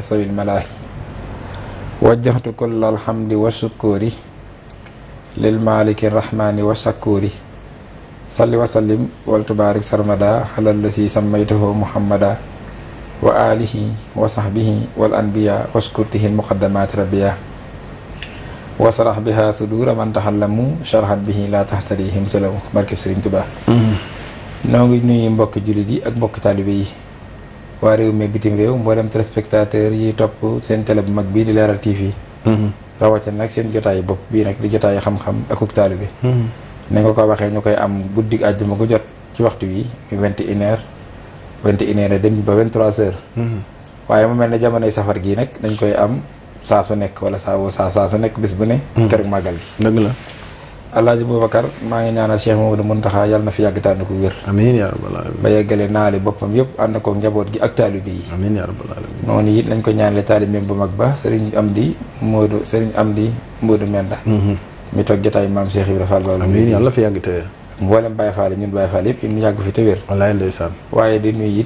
sawi lmalaahi wajjahtu kulla alhamdi wa shukuuri lil maaliki rahmaani wa shakuuri wa sallim wal tubaarik sarmada alal lasi sammaytahu muhammada wa aalihi wa sahbihi wal anbiya wa shukurtihi muqaddamaati rabbiya wa sarax biha sudura man taxallamu sharxat bihi laa taxtari himsalamu barkeb Sëriñ Tuubaa mm-hmm. noo ngi nuyu mbokki ak mbokki taalibe waa réew mi bitim réew mboolem téléspectateur yi topp seen télé bu mag bii di leeral TV. Mhm. rawatina nag seen jotaayu bopp bii nag di jotaayu xam-xam ak uk taalibe bi. Mhm. ko waxee ñu koy am guddig àjjuma ko jot ci waxtu wi mu vingt et une heure vingt et heure dem ba vingt trois heures. Mhm. waaye mu mel ne jamonoy safar gii nag dañ koy am saa su nekk wala saa woo saa saa su nekk bis bu ne. keroog màggal gi dëgg la. Alaaji Boubacar maa ngi ñaanal Cheikh Mamadou Mountakha yàlla na fi yàgg tànn ko wér. amiin yaa rabbal aalamiin. ba yeggale naali boppam yëpp ànd ko njaboot gi ak taalibe yi. amiin yaa rabbal aalamiin. noonu it nañ ko ñaanale taalibeem bu mag ba Serigne Amdi Modou Serigne Amdi mhm. maam Cheikh Ibrahima Fall Ba. amiin yàlla fi yàgg te mboolem Baye Fall ñun Baye Fall yëpp ñu yàgg fi te wér. wallaay ndeysaan. waaye di nuyu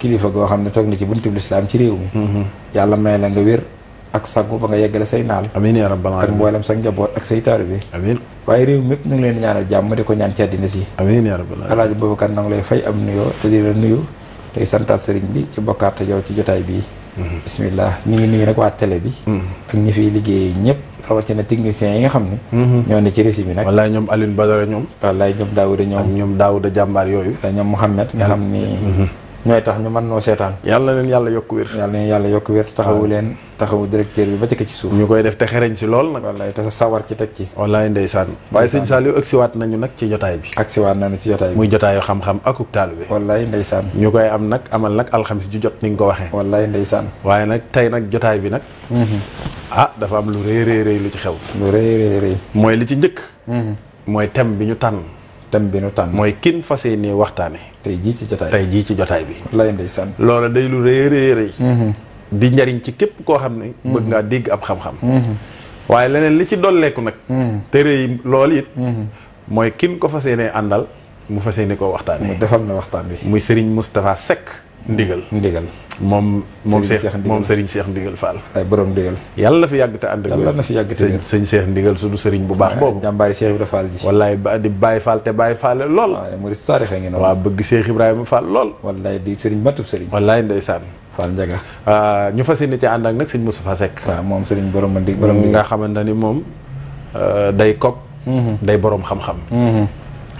kilifa goo xam ne toog na ci buntu lislaam ci réew mi. Mhm. yàlla may la nga wér ak saggu ba nga yeggale say naal amiin yaa rabbal aalamiin ak mboolem sa njaboot ak say taalibe amiin waaye réew mépp ñu ngi leen ñaanal jàmm di ko ñaan ci àddina si amiin yaa rabbal na ngi lay fay am nuyoo te di la nuyu bi ci bokkaat yow ci jotaay bii mhm. bismillah ñu ngi nuyu nag waa bi mhm. ak ñi fiy liggéey ñëpp rawatina techniciens yi nga xam ne mhm. ñoo bi nag wallaay ñoom Alioune Badara ñoom wallaay ñoom ñoom ñoom Daouda yooyu ñoom Mouhamed nga xam ni ñooy tax ñu man noo seetaan. yàlla leen yàlla yokk yàlla leen yàlla yokk wér taxawu leen taxawu directeur bi ba ci ci suuf. ñu koy def te xereñ si lool nag. wallaay te sawar ci teg ci. wallaay ndeysaan. waaye sëñ Saliou agsiwaat nañu nag ci jotaay bi. agsiwaat nañu ci jotaay bi. muy jotaayu xam-xam akuk taalibe. wallaay ndeysaan. ñu koy am nag amal nag alxamis ju jot ni nga ko waxee. wallaay ndeysaan. waaye nag tey nag jotaay bi nag. Mhm. ah dafa am lu rëy rëy rëy lu ci xew. lu rëy rëy mooy li ci njëkk. Mhm. mooy thème bi ñu tànn thème bi nu mooy kin fas yéenee waxtaane tey jii ci jotaay tey jii ci jotaay bi. lay ndeysaan. loola day lu rëy rëy mm-hmm. di njariñ ci képp koo xam ne. Mm-hmm. bëgg ngaa dégg ab xam-xam. Mm-hmm. waaye leneen li ci dolleeku nag. téere yi lool it. mooy kin ko fas yéenee àndal mu fas yéene koo waxtaanee. mu defal na waxtaan bi muy Serigne Moustapha Seck. Ndigal Ndigal. moom moom Cheikh moom Serigne Cheikh Ndigal Fall. ay borom ndigal. yàlla na fi yàgg te ànd ak yàlla na fi yàgg te sëñ Cheikh Ndigal sunu Serigne bu baax boobu. jàmbaari Cheikh Ibrahima Fall ji. wallaay ba di Baye Fall te Baye Fall lool. waaw mu di saarixe ngi noonu. waaw bëgg Cheikh Ibrahima Fall lool. wallaay di Serigne matub Serigne. wallaay ndeysaan. Fall Ndiaga. ñu fas yéene ci ànd ak nag sëñ Moustapha Seck. waaw moom Serigne borom ndi borom ndigal nga xamante ni moom euh, day kok. Mm-hmm. day borom xam-xam. Mm-hmm.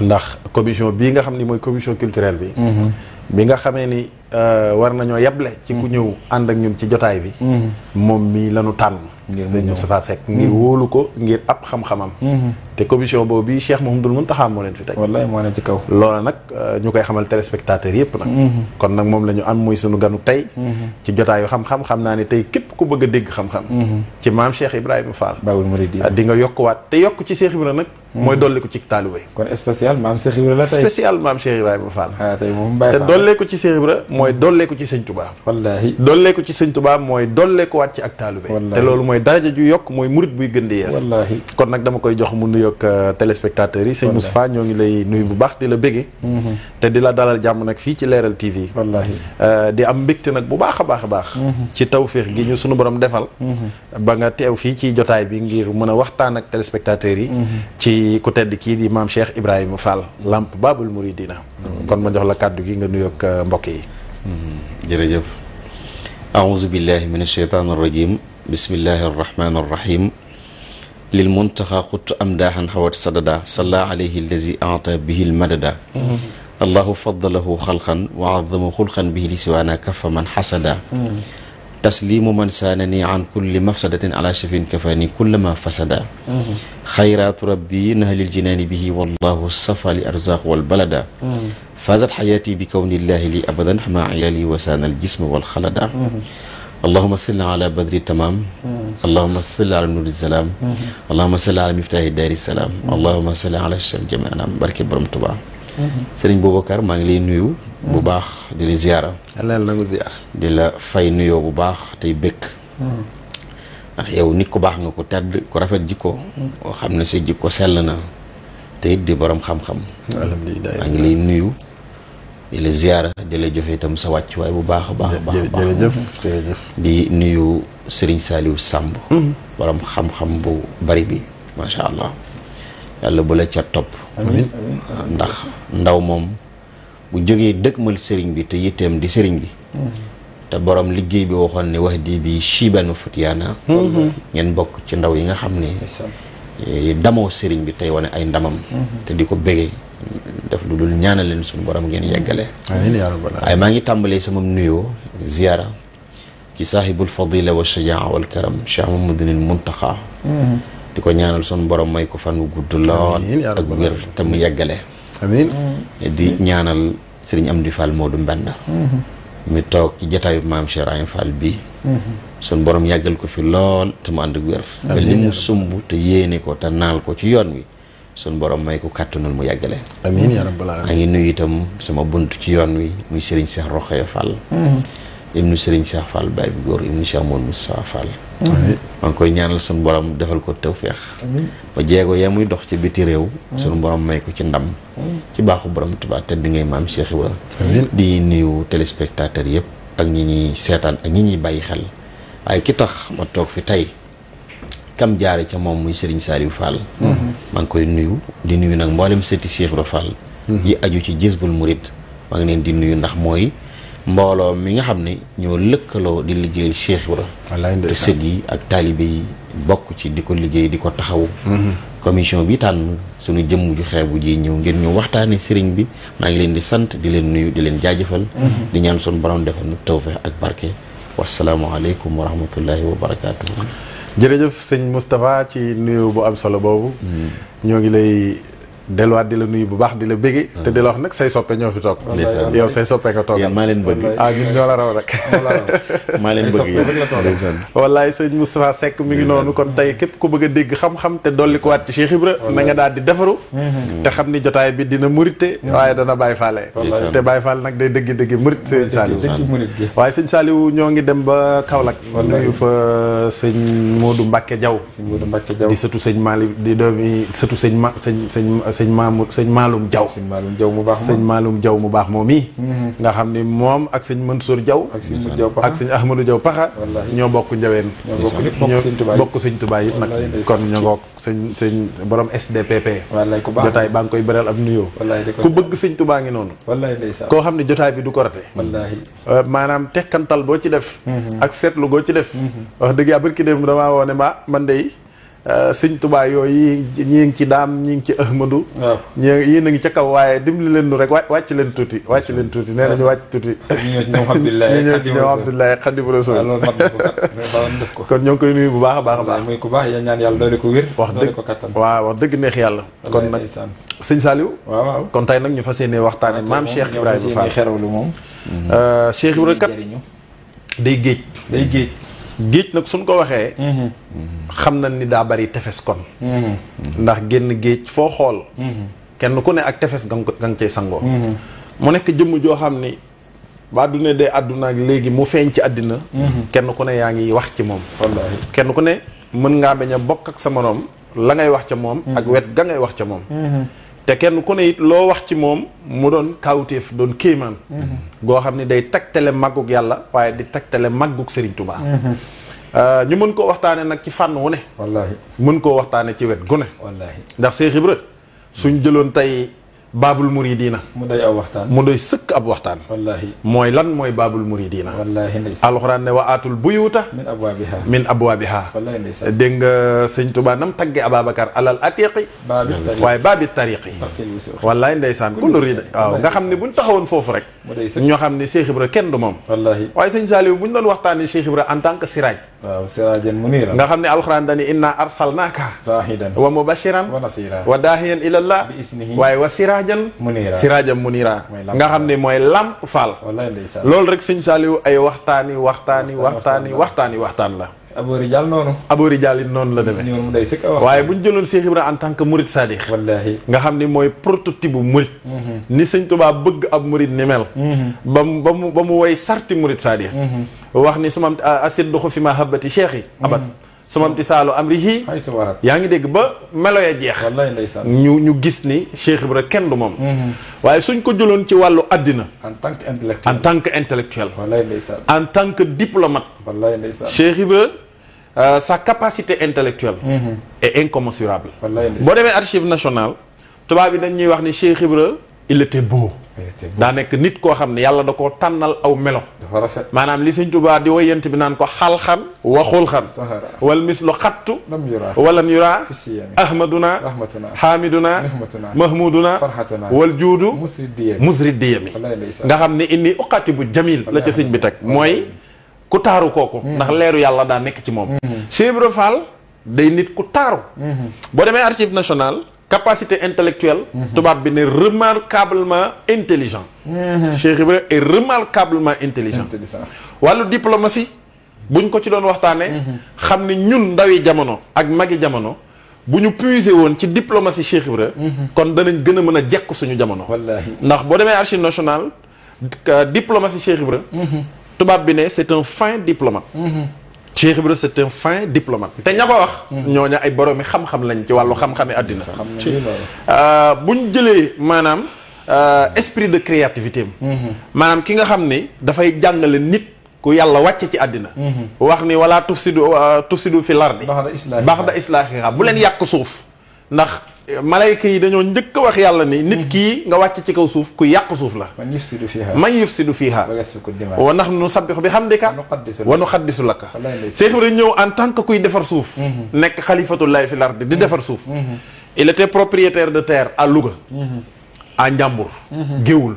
ndax commission bii nga xam ni mooy commission culturelle bi. bi mm-hmm. nga xamee ni Euh, war nañoo yeble ci ku mm. ñëw ànd ak ñun ci jotaay bi mm. moom mii lañu tànn sëñ Moustapha Seck mm. ngir wóolu ko ngir ab xam-xamam mm-hmm. te commission boobu bi Cheikh Mouhamadoul Mountakha moo leen fi teg wallaay moo leen ci kaw loola nag euh, ñu koy xamal téléspectateurs yëpp nag mm-hmm. kon nag moom la ñu am muy sunu ganu tey mm-hmm. ci jotaayu xam-xam xam naa ni tey képp ku bëgg a dégg xam-xam ci maam Cheikh Ibrahima Fall Baabul Muriid ah, di nga yokkuwaat te yokk ci Cheikh Ibrahima nag mooy dolli ko ci taalibe kon spécial maam Cheikh Ibrahima la tey spécial maam ah, te dolli ko ci Cheikh Ibrahima mooy dolleeku ci sëñ tubaa wallaahi dolleeku ci sëñ tubaa mooy dolleeku waat ci ak taalube te loolu mooy daraja ju yokk mooy murit buy gën di yees wallaahi kon nag dama koy jox mu nuyoog euh, téléspectateurs yi sëñ Moustapha ñoo ngi lay nuyu bu baax di la bége mm-hmm. te di la dalal jàmm nag fii ci leeral TV wallaahi euh, di am mbégte nag bu baax a baax a baax mm-hmm. ci tawféex gi ñu sunu borom defal mm-hmm. ba nga teew fii ci jotaay bi ngir mën a waxtaan ak téléspectateurs yi ci ku tedd kii di maam Cheikh Ibrahima Fall lamp Baabul Muridina kon ma jox la kàddu gi nga nuyoog euh, mbokk yi Mm-hmm. jërëjëf aouzu billahi min asheytaan arrajim bismillahi arrahmani arrahim lil muntaxa xuttu am daaxan xawat sadada salla alayhi allazi ata bihi lmadada mm-hmm. allahu fadalahu xalqan wa azama xulqan bihi li siwaana kafa man xasada mm-hmm. taslimu man saanani an kulli mafsadatin ala shafin kafani kullama fasada xayraatu rabbi nahlil jinaani bihi wallahu safa li arzaq walbalada faazat xayaati bi kawnillahi li abadan xama iyali wasaanal jisma wal xalada allahuma salli ala badri tamaam allahuma salli ala nuri salaam allahuma salli ala miftaahi daari salaam allahuma salli ala sham jami anam barke borom tubaa sëriñ Boubacar maa ngi lay nuyu bu baax di la ziyaara nangu ziyaar di la fay nuyoo bu baax tey bëkk ndax yow nit ku baax nga ko tedd ku rafet jikko xam ne sa jikko sell na te it di borom xam-xam alhamdulilah maa ngi lay nuyu di la ziyaara di la joxe itam sa wàcc wàccuwaay bu baax baax a baax jërëjëf di nuyu sëriñ saaliw sàmb mhm. borom xam-xam bu bari bi macha allah yàlla bu la ca topp ndax ndaw moom bu jógee mal sëriñ bi te yitteem di sëriñ bi mhm. te boroom liggéey bi waxoon ne wax di bi chibanu futiyaana mhm. ngeen bokk ci ndaw yi nga xam ne damoo sëriñ bi tey wane ay ndamam te di ko béggee def lu dul ñaanal leen suñu borom ngeen yeggale. amiin yaa rabbal maa ngi tàmbalee sama nuyoo ziyaara ci saaxibul fadila wa shajaa wal karam Cheikh Mamadou Muntaxa mhm. di ko ñaanal suñu borom may ko fan wu gudd lool. ak wér te mu ñaanal sëriñ Amdi Fall Modou Mbenda. Mhm. mi toog ci jataayu maam Cheikh Ibrahima Fall bii. Mhm. suñ borom yàggal ko fi lool te mu ànd ak wér. li mu sumb te yéene ko te naal ko ci yoon wi. suñ borom may ko kàttanal mu yàggale amiin yaa rabbal aalamiin a ngi nuyu itam sama bunt ci yoon wi muy seex Cheikh Rokhaya Fall mm-hmm. ibnu Serigne Cheikh Fall baay bu góor ibnu Cheikh Mohamed Moustapha Fall maa ngi koy ñaanal suñ borom defal ko feex ba jeego yaa muy dox ci biti réew mm-hmm. suñu borom may ko ci ndam mm-hmm. ci baaxu borom Tuubaa te di ngay maam Cheikh Ibra di nuyu téléspectateurs yëpp ak ñi ñuy seetaan ak ñi ñuy bàyyi xel waaye ki tax ma toog fi tey kam jaare ca moom muy Serigne saaliyu Fall. maa ngi koy nuyu di nuyu nag mbooleem sëti Cheikh Ibra Fall. yi aju ci Jazbul Murid maa ngi leen di nuyu ndax mooy mbooloo mi nga xam ne ñoo lëkkaloo di liggéeyal Cheikh Ibra. wallaay sët yi ak taalibe yi bokk ci di ko liggéey di ko taxawu. Mhm. commission bi tànn sunu jëmm ju xeebu ji ñëw ngir ñu waxtaane sëriñ bi maa ngi leen di sant di leen nuyu di leen jaajëfal mhm. di ñaan suñu borom defal nu tawfeex ak barke wasalaamualeykum wa rahmatullahi wa barakaatu. jërëjëf sëñ Moustapha ci nuyu bu am solo boobu. Mm. ñoo ngi lay delluwaat di la nuyu bu baax di la bége. Ah. te di la wax nag say soppe ñoo fi toog. yow say soppe nga toog maa leen bëgg. ah ñun ñoo la raw rek. maa leen bëgg yéen wallaay sëñ Moustapha Seck mi ngi noonu kon tey képp ku bëgg a dégg xam-xam te dolli ko waat ci na nga daal di defaru. Mm-hmm. xam ni jotaay bi dina murite mm-hmm. waaye dana Baye Fallé. te Baye Fallé nag day dëgg dëgg murit sëñ Saliou. waaye sëñ Saliou ñoo ngi dem ba Kaolack. nuyu fa sëñ Modou Mbacke Diaw. di sëtu sëñ Mali di doomi sëtu sëñ ma sëñ sëñ sëñ Mamour sëñ Maalum Diaw. sëñ Maalum Diaw mu baax moom sëñ Maalum Diaw mu baax moom yi mm-hmm. nga xam ni moom ak sëñ Mansour Diaw. ak sëñ Mansour Diaw Paxa ak sëñ Ahmadou Diaw Paxa. ñoo bokk njaween. ñoo bokk sëñ Tuubaa yi nag kon ñu ngoog sëñ sëñ borom SDPP. wallaay ku baax jotaay baa ngi koy beral ab nuyoo. ku bëgg sëñ Tuubaa ngi noonu. wallaay ndeysaan koo xam ne jotaay bi du ko rate. Euh, maanaam tekkantal boo ci def. Mm-hmm. ak seetlu goo ci def. Mm-hmm. wax dëgg yàlla barki dem damaa woo ma man de Euh, sëñ tubaay yooyu ñii ngi ci daam ñii ngi ci Ahmadu. waaw ñii yéen a ngi ca kaw waaye dimbali leen nu rek wàcc leen tuuti wàcc leen tuuti nee ñu wàcc tuuti. ñu ñëw ci ñoom Abdoulaye ñu ñëw ci ñoom Abdoulaye ñoo koy nuyu bu baax a baax a baax. ku baax yéen ñaan yàlla doole ko wér. wax dëgg waaw wax dëgg neex yàlla. kon nag sëñ Saliou. kon tey nag ñu fas yéenee waxtaanee maam euh, Cheikh Ibrahima Fall. Cheikh Ibrahima kat day géej day géej géej nag suñ ko waxee. Mm-hmm. xam na ni daa bari tefes kon. Mm-hmm. ndax génn géej foo xool. Mm-hmm. kenn ku ne ak tefes ga nga cay sangoo. mu nekk jëmm joo xam ni ba du ne dee àdduna léegi mu feeñ ci àddina. kenn ku ne yaa ngi wax ci moom. kenn ku ne mën ngaa bañ a bokk ak sa moroom la ngay wax ca moom. ak wet ga ngay wax ca moom. te kenn ku ne it loo wax ci moom mu doon kawteef doon kéemaan. goo xam ne day tagtale màggug yàlla waaye di tagtale màggug Serigne Touba. Euh, ñu mën koo waxtaane nag ci fànn wu ne. mën koo waxtaane ci wet gu ne. ndax Cheikh Ibra suñ jëloon tey baabul muridiina mu doy ab waxtaan mu doy sëkk ab waxtaan wallaahi mooy lan mooy baabul muridiina wallaahi ndeysaan alxuraan ne wa aatul buyuuta min abwaabiha min abwaabiha wallaahi ndeysaan dégg nga sëñ Tuubaa waaye baabi tariqi wallaahi ndeysaan kullu rida nga xam ne buñ taxawoon foofu rek ñoo xam ne Cheikh Ibra kenn du moom wallaahi waaye sëñ Saliou buñ doon waxtaanee Cheikh Ibra en siraaj nga xam ne alxuraan dani inna arsalnaaka shaahidan wa mubashiran wa nasiira daahiyan ilallah waaye wa siraaj siraajal munira siraajal munira nga xam ne mooy làmp faal loolu rek sëñ Saaliw waxtaani waxtaani waxtaani waxtaan la Aboori Diall noonu Aboori Diall it noonu la demee waaye bu ñu jëloon Cheikh Ibrahima en tant que murid sadiq wallaahi nga xam ne mooy prototype bu murid mhm. ni sëñ Tuubaa bëgg ab murid ni mel mhm. ba mu ba mu ba mu woy sarti murid sadiq mhm. wax ni suma asidduxu fi ma habati cheikh yi suma imtisaalu amrihi yaa ngi dégg ba melo ya jeex ñu ñu gis ni Cheikh Ibra kenn du moom mm-hmm. waaye suñ ko jëloon ci wàllu àddina en tant que intellectuel en tant que intellectuel en tant que diplomate Cheikh Ibra euh, sa capacité intellectuelle mm-hmm. est incommensurable boo demee archive nationale tubaab bi dañ ñuy wax ni Cheikh Ibra il était beau. daa nekk nit koo xam ne yàlla da koo tànnal aw melo. dafa rafet maanaam li sëñ Tuubaa di woyant bi naan ko xalxan wa xulxan. wal mislu xattu. lam yuraa walam yuraa. ahmaduna. rahmatuna xaamiduna. mahmuduna. farxatuna wal juudu. musri diyami nga xam ne inni uqati bu jamil la ca sëñ bi teg mooy ku taaru kooku. Mm-hmm. ndax leeru yàlla daa nekk ci moom. Mm-hmm. Cheikh Ibra day nit ku taaru. Mm-hmm. boo demee archive national capacité intellectuelle mhm. tubaab bi ne remarquablement intelligent mhm. Cheikh Ibrahima est remarquablement intelligent wàllu diplomatie buñ ko ci doon waxtaanee mhm. xam ni ñun ndawi jamono ak magi jamono bu ñu puiser woon ci diplomatie Cheikh Ibra kon danañ gën a mën a jekk suñu jamono ndax boo demee archive nationale euh, diplomatie Cheikh Ibra tubaab bi ne c'est un fin diploma Cheikh Ibrahima c'est un fin diplomate te ña ko wax. Mm-hmm. ñooñu ay boroomi xam-xam lañ ci wàllu xam-xami àddina. Euh, bu jëlee maanaam euh, esprit de créativité am. Mm-hmm. maanaam ki nga xam ni dafay jàngale nit ku yàlla wàcce ci àddina. Mm-hmm. wax ni wala tufsidu euh, tufsidu fi lardi. baax da islaahi bu leen yàq suuf ndax. malayka yi dañoo njëkk a wax yàlla ni nit mhm. kii nga wàcc ci kaw suuf ku yàq suuf la man yufsidu fiiha man yufsidu fiiha wa nahnu nusabbihu bihamdika wa nuqaddisu laka Cheikh Ibrahima ñëw en tant kuy defar suuf mhm. nekk xalifatullahi fil ardi di mhm. defar suuf il était propriétaire de terre à Louga à Ndiambour Géoul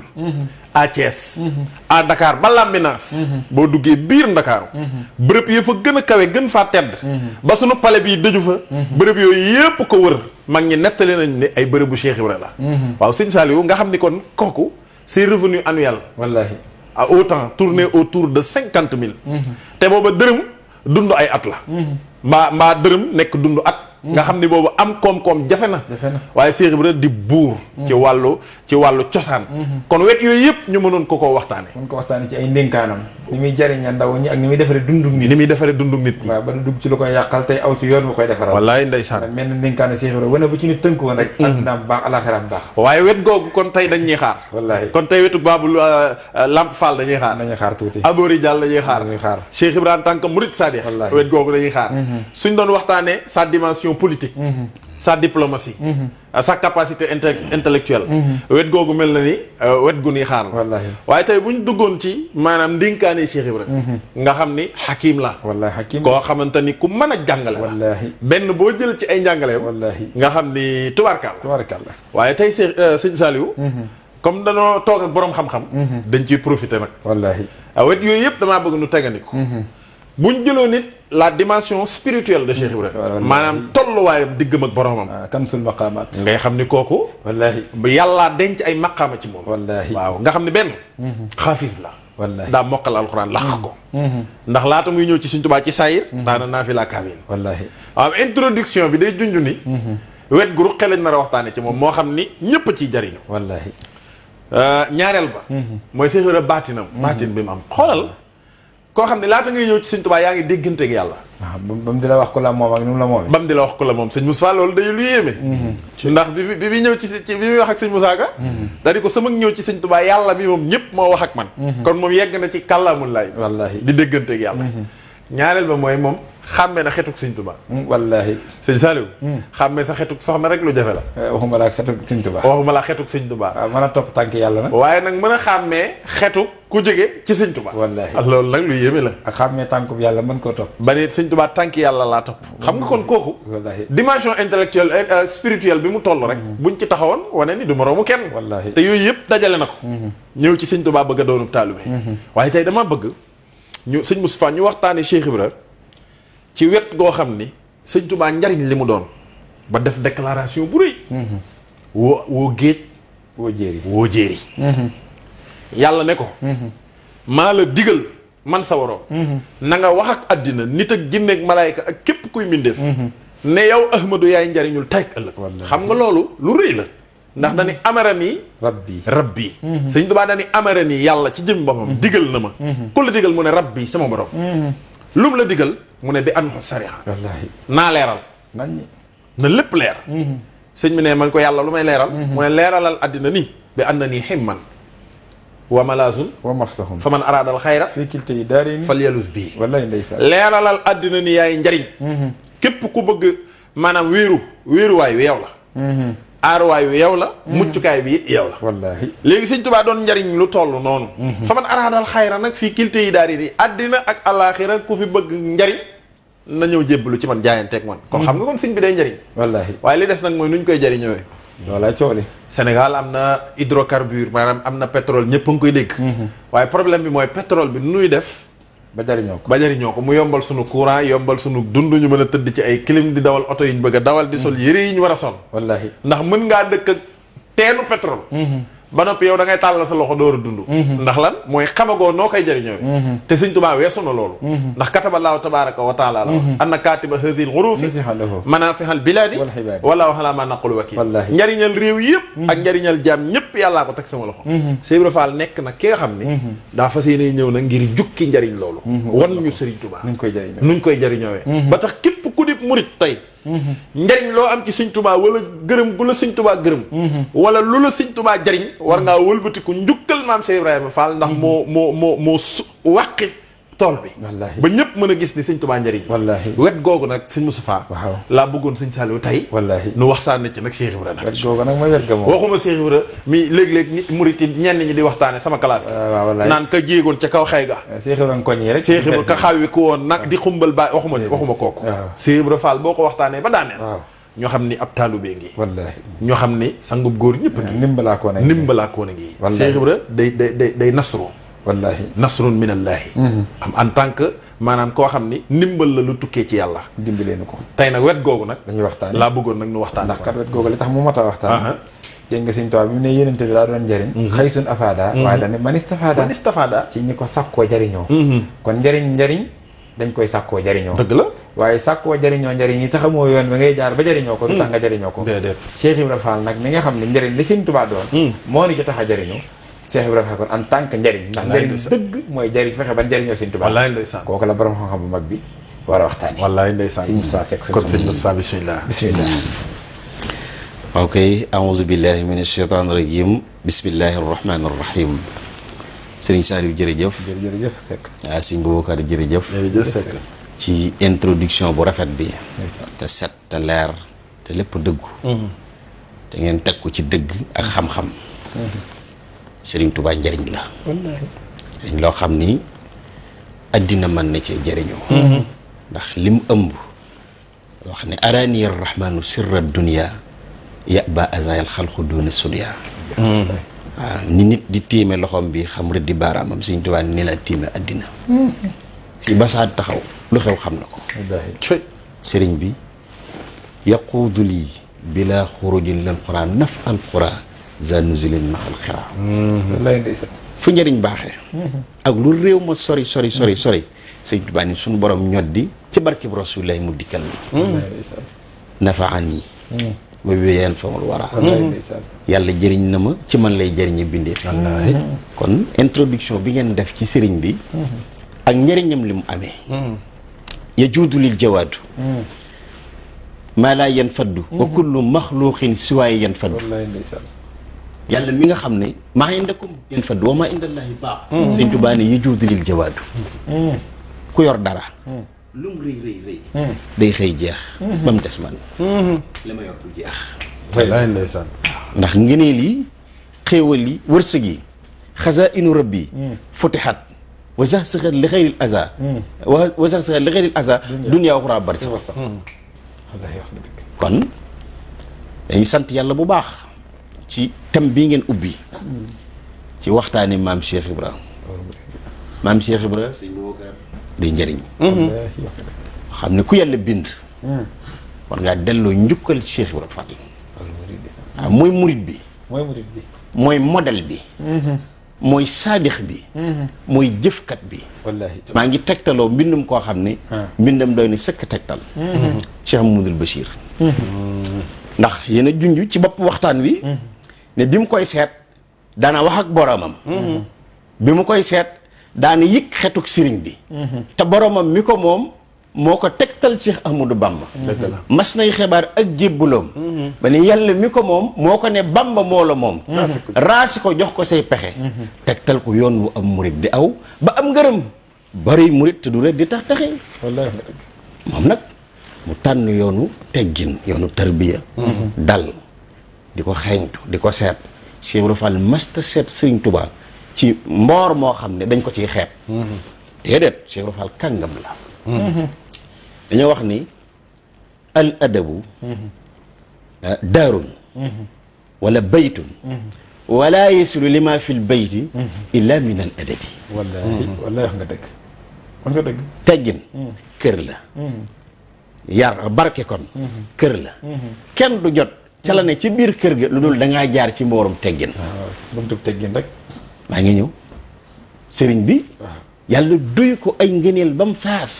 à Thiès. à Dakar ba Lambinaas. boo duggee biir Ndakaaru bërëb yi fa gën a kawe gën faa tedd. ba sunu pale bii dëju fa. bërëb yooyu yépp ko wër mag ñi nettali nañ ne ay bërëbu Cheikh Ibra la. waaw sëñ Saliou nga xam ni kon kooku c'est revenu annuel. wallaahi à autant tourné autour de cinquante mille. te booba dërëm dund ay at la. mbaa mbaa dërëm nekk dund at. nga xam ni boobu am koom-koom jafe na waaye Cheikh Ibra di ko ko waxtaane mën ko waxtaane ci ay ndénkaanam ni muy jariña ndaw ñi ak ni muy defaree nit ni muy defaree dundug nit waaw ba dugg ci lu koy yàqal tey aw ci yoon bu koy defaral wallaay ndeysaan mel bu ci nit tënk woon rek addunaam mm-hmm. baax alaxiraam wet googu euh, euh, dañuy xaar tuuti abori jàll dañuy xaar dañuy xaar Cheikh Ibra en tant que murid mm-hmm. suñ doon waxtaane sa dimension dimension politique. Mhm. sa diplomatie. Mhm. Ah, sa capacité intellectuelle mhm. wet googu mel na ni euh, wet gu ni xaar na. waaye tey bu ñu duggoon ci maanaam ndinkaane Cheikh Ibrahima. nga xam ni xakim la. wallaahi xakim koo xamante ni ku mën a jàngale. wallaahi benn boo jël ci ay njàngaleem. wallaahi nga xam ni tubaarkaal la. tubaarkaal la waaye tey Cheikh euh, sëñ Saliou. comme danoo toog ak borom xam-xam. dañ ciy profité nag. wallaahi ah, wet yooyu yëpp damaa bëgg nu tegandiku. buñ jëloon nit la dimension spirituelle de Cheikh Ibrahima. maanaam tolluwaayam diggam ak boromam. Ah, kamsul maqaamaat. ngay xam ni kooku. wallaahi yàllaa denc ay maqaama ci moom. wallaahi nga xam ni benn. Mhm. xaafis la. wallaahi daa mokkal alxuraan lax ko. Mhm. Mhm. ndax laata muy ñëw ci Sëriñ Tuubaa ci saayir. daana naa fi laa kaamil. wallaahi waaw introduction bi day junj ni. wet gu ruqe lañ nar a waxtaanee ci moom moo xam ni ñëpp ciy jariñu. wallaahi euh, ñaareel ba. mooy Cheikh Ibrahima baatinam. baatin bi mu am xoolal. koo xam ne laata ngay ñëw ci sëñ Tuubaa yaa ngi déggante ak yàlla waaw ah, ba mu di la wax ko la moom ak ni mu la moom ba mu di la wax ko la moom sëñ Moussa loolu day lu yéeme mm-hmm. ndax bi bi bi ñëw ci bi wax ak sëñ Moussa Ka mm-hmm. daal di ko sama ñëw ci sëñ Tuubaa yàlla bi moom ñëpp moo wax ak man mm-hmm. kon moom yegg na ci kàllaamul laay wallaahi di déggante ak yàlla ñaareel ba mooy moom xàmmee na xetuk sëñ Tuubaa hmm, wallaahi sëñ Saliou hmm. xàmmee sa xetuk soxna rek lu jafe la eh, waxuma laa xetuk sëñ Tuubaa waxuma laa xetuk sëñ Tuubaa waaw ah, mën a topp tànk yàlla nag waaye nag mën a xàmmee xetuk ku jóge ci sëñ Tuubaa wallaahi ah, loolu nag lu yéeme la ak xàmmee yàlla mën koo topp ba ne sëñ Tuubaa tànk yàlla laa topp xam nga kon kooku wallaahi dimension intellectuelle eh, eh, spirituelle bi mu toll rek hmm. buñ ci taxawoon wane ni du moroomu kenn wallaahi te yooyu yëpp dajale na ko ñëw ci sëñ Tuubaa bëgg a doonub taalibe waaye tey dama bëgg ñu sëñ Moustapha ñu waxtaane Cheikh Ibra ci wet goo xam ni sëñ Touba njariñ li mu doon ba def déclaration bu rëy mhm. woo woo géej woo jéeri mhm. yàlla ne ko mhm. maa la digal man sa waroom na nga wax ak àddina nit ak jinne ak malaayka ak képp kuy mbindeef ne yow Ahmadou yaay njariñul tey ak ëllëg xam nga loolu lu rëy la ndax dañi amara nii rabbi rabbi sëñ Touba dañi amara nii yàlla ci jëm boppam digal na ma ku la digal mu ne rabbi sama borom lu mu la digal mu ne bi an ko sariha wallaahi naa leeral nañ na lépp leer sëñ bi ne man ko yàlla lu may leeral mu ne leeralal àddina ni bi an na nii ximman wa malaasun wa mafsahum fa man araadal xayra fii kilte yi daareeni fal yalus bii leeralal àddina ni yaay njariñ mhm. képp ku bëgg maanaam wéeru wéeruwaay weew la mhm. aaruwaayu yow la hmm. muccukaay bi it yow la wallaahi léegi sëñ tubaa doon njariñ lu toll noonu hmm. faman araadal xayra nag fii kilte yi daal daari di àddina ak alaaxira ku fi bëgg njariñ na ñëw lu ci man jaayanteeg man kon xam nga hmm. kon sëñ bi day njariñ wallaahi waaye li des nag mooy nuñ koy jariñoowee loolaa coow li Sénégal am na hydrocarbure maanaam am na petrole ñëpp a ngi koy dégg waaye problème bi mooy pétrole bi nuy def ba jariñoo ko ba ko mu yombal sunu courant yombal sunu dund ñu mën a tëdd ci ay clim di dawal oto yi ñu bëgg a dawal di sol mm. yére yi ñu war a sol. wallaahi ndax mën ngaa dëkk ak teenu pétrole. Mm-hmm. ba noppi yow da ngay tàllal sa loxo door a dund mhm. ndax lan mooy xamagoo noo koy jëriñoo mhm. te sëñ Tuubaa weesu na loolu mhm. ndax kataballaahu tabaaraka wa la wax anna kaatiba hasil xuruufi manafihal bilaadi wala waxalaa ma naqulu wakil njariñal réew yëpp ak njariñal jaam ñëpp yàllaa ko teg sama loxo Sëñ Faal nekk na ki nga xam ne daa fas yéene ñëw nag ngir jukki njariñ loolu wan ñu sëriñ Tuubaa nuñ koy jëriñoo koy jëriñoowee ba tax képp ku dib murit tey njariñ loo am ci sëñ tubaa wala gërëm gu la sëñ tubaa gërëm wala lu la sëñ tubaa jariñ war ngaa wëlbatiku njukkal maam Cheikh Ibrahima Fall ndax moo moo moo moo su wàqi tool bi ba ñëpp mën a gis ni sëñ Tuubaa njëriñ wet googu nag sëñ Moustapha waaw laa bëggoon sëñ Saliou tey nu waxtaane ci nag Cheikh Ibra nag wet googu nag ma wet ga moom waxuma Cheikh Ibra mi léeg-léeg murit yi ñenn ñi di waxtaane sama classe bi naan ka jéegoon ca kaw xëy ga eh, Cheikh Ibra nga koñi rek Cheikh woon nag di xumbal ba waxuma waxuma kooku Cheikh Ibra Fall boo ko waxtaanee ba daaneel ñoo xam ni ab taalubee ngi wallaahi ñoo xam ni sangub góor ñëpp ngi nimbalaa koona ngi nimbalaa koona ngi Cheikh Ibra day day day day nasroo wallaahi nasrun minallaahi mm-hmm. am en tant que maanaam koo xam ni ndimbal la lu tukkee ci yàlla dimbalee nu ko tey nag wet googu nag dañuy waxtaan laa bëggoon nag nu waxtaan ndax kat wet googu li tax mu mat a waxtaan dégg nga sëñ Tuubaa bi mu ne yonent bi daa doon njëriñ mm-hmm. xëy sun afaada mm-hmm. waaye dane man istafaada man istafaada ci ko sàkkoo jariñoo kon njariñ njariñ dañ koy sàkkoo jariñoo dëgg la waaye sàkkoo jariñoo njariñ yi taxamoo yoon bi ngay jaar ba jariñoo ko du mm. tax nga jariñoo ko déedéet Cheikh Ibrahima Fall nag mi nga xam ne njariñ li sëñ Tuubaa doon mm. moo ni jo tax a jariñoo Cheikh Ibrahima Faye kon en tant que njariñ ndax njariñ dëgg mooy njariñ fexe ba njariñoo sëñ Tuubaa wallaay ndeysaan kooku la borom xam-xam bu mag bi war a waxtaane wallaay ndeysaan sëñ Moussa Seck kon sëñ Moussa bismillah bismillah bi aouzu billahi min ashaitan rajim bismillahi arrahmani arrahim sëriñ Saliou jërëjëf jërëjëf Seck waaw ah, sëñ Boubacar jërëjëf jërëjëf Seck ci introduction bu rafet bi te set te leer te lépp dëggu mm-hmm. te ngeen teg ko ci dëgg ak xam-xam mm-hmm. Serigne Touba njëriñ la. dañ loo xam ni addina mën na ci jëriñoo. Mm-hmm. ndax lim ëmb. loo xam ne araani rahmaanu sirra dunya ya ba azayal xalqu duuna sulya mm-hmm. waaw ni nit di tiime loxoom bi xam rëddi baaraamam Serigne Touba ni la tiime addina. ci mm-hmm. basaat taxaw lu xew xam na ko. sëriñ bi yaquudu lii bilaa xurujin lil quran naf al zanousilin mm-hmm. fu njëriñ baaxee mm-hmm. ak lu réew ma sori sori sori sori sëñ Tuubaa ni suñu borom ñoddi ci barkeb rasulillahi mu dikkal na mm-hmm. nafaan yi yàlla jëriñ na ma ci man lay jëriñe bindee kon introduction bi ngeen def ci sëriñ bi ak njëriñam li mu amee ya juudu lil jawaadu maa laa yan faddu wa kullu maxluuqin siwaay yan faddu yàlla mi nga xam ne ma indakum yanfad wa inda indallahi baaq hmm. sëñ Tuubaa ne yajuudu lil jawaadu hmm. ku yor dara hmm. lum rëy rëy rëy day xëy jeex ba des man ma yor du jeex wallaahi ndax ngeneel yi xéewal yi wërsëg yi xasaa inu rabbi futixat wa sax saxat li xayril aza wa sax saxat li bari sax kon dañuy sant yàlla bu baax ci thème bii ngeen ubbi ci waxtaani maam Cheikh Ibra maam Cheikh Ibra di njëriñ xam ne ku yàlla bind war ngaa delloo njukkal Cheikh Ibra Fall ah, mooy murit bi mooy murit bi mooy modèle bi mhm. mhm. mooy jëfkat bi wallaahi maa ngi tegtaloo mbindum koo xam ne ah. mbindam doy na sëkk tegtal mhm. Cheikh Mamadou Bachir ndax yéen a ci bopp waxtaan wi ne bi mu koy seet daana wax ak boromam. bi mu koy seet daana yëg xetuk sëriñ bi. te boromam mi ko moom moo ko tegtal Cheikh Ahmadou Bamba. mas nay xibaar ak jébbuloom. ba ne yàlla mi ko moom moo ko ne Bamba moo la moom. raasi ko jox ko say pexe. tegtal ko yoon wu am murit di aw ba am ngërëm bari murit te du rek di tax taxee. moom nag mu tànn yoonu teggin yoonu tarbiya mm-hmm. dal. di ko xeeñtu di ko seet Cheikh Ibrahima Fall mësta seet ci mboor moo xam ne dañ ko ciy xeeb déedéet Cheikh Ibrahima Fall kàngam la dañoo wax ni al adabu ah, daarun wala baytun wala yasilu lima fi l bayti illa min al adabi wallaahi wallaahi nga dëgg wax kër la mm-hmm. yar barke kon mm-hmm. kër la mm-hmm. kenn du jot ca ci biir kër ga lu dul da ngaa jaar ci mboorum teggin. Ah, buntu teggin rek. maa ngi ñëw sëriñ bi. Ah. yàlla duy ko ay ngëneel ba mu faas.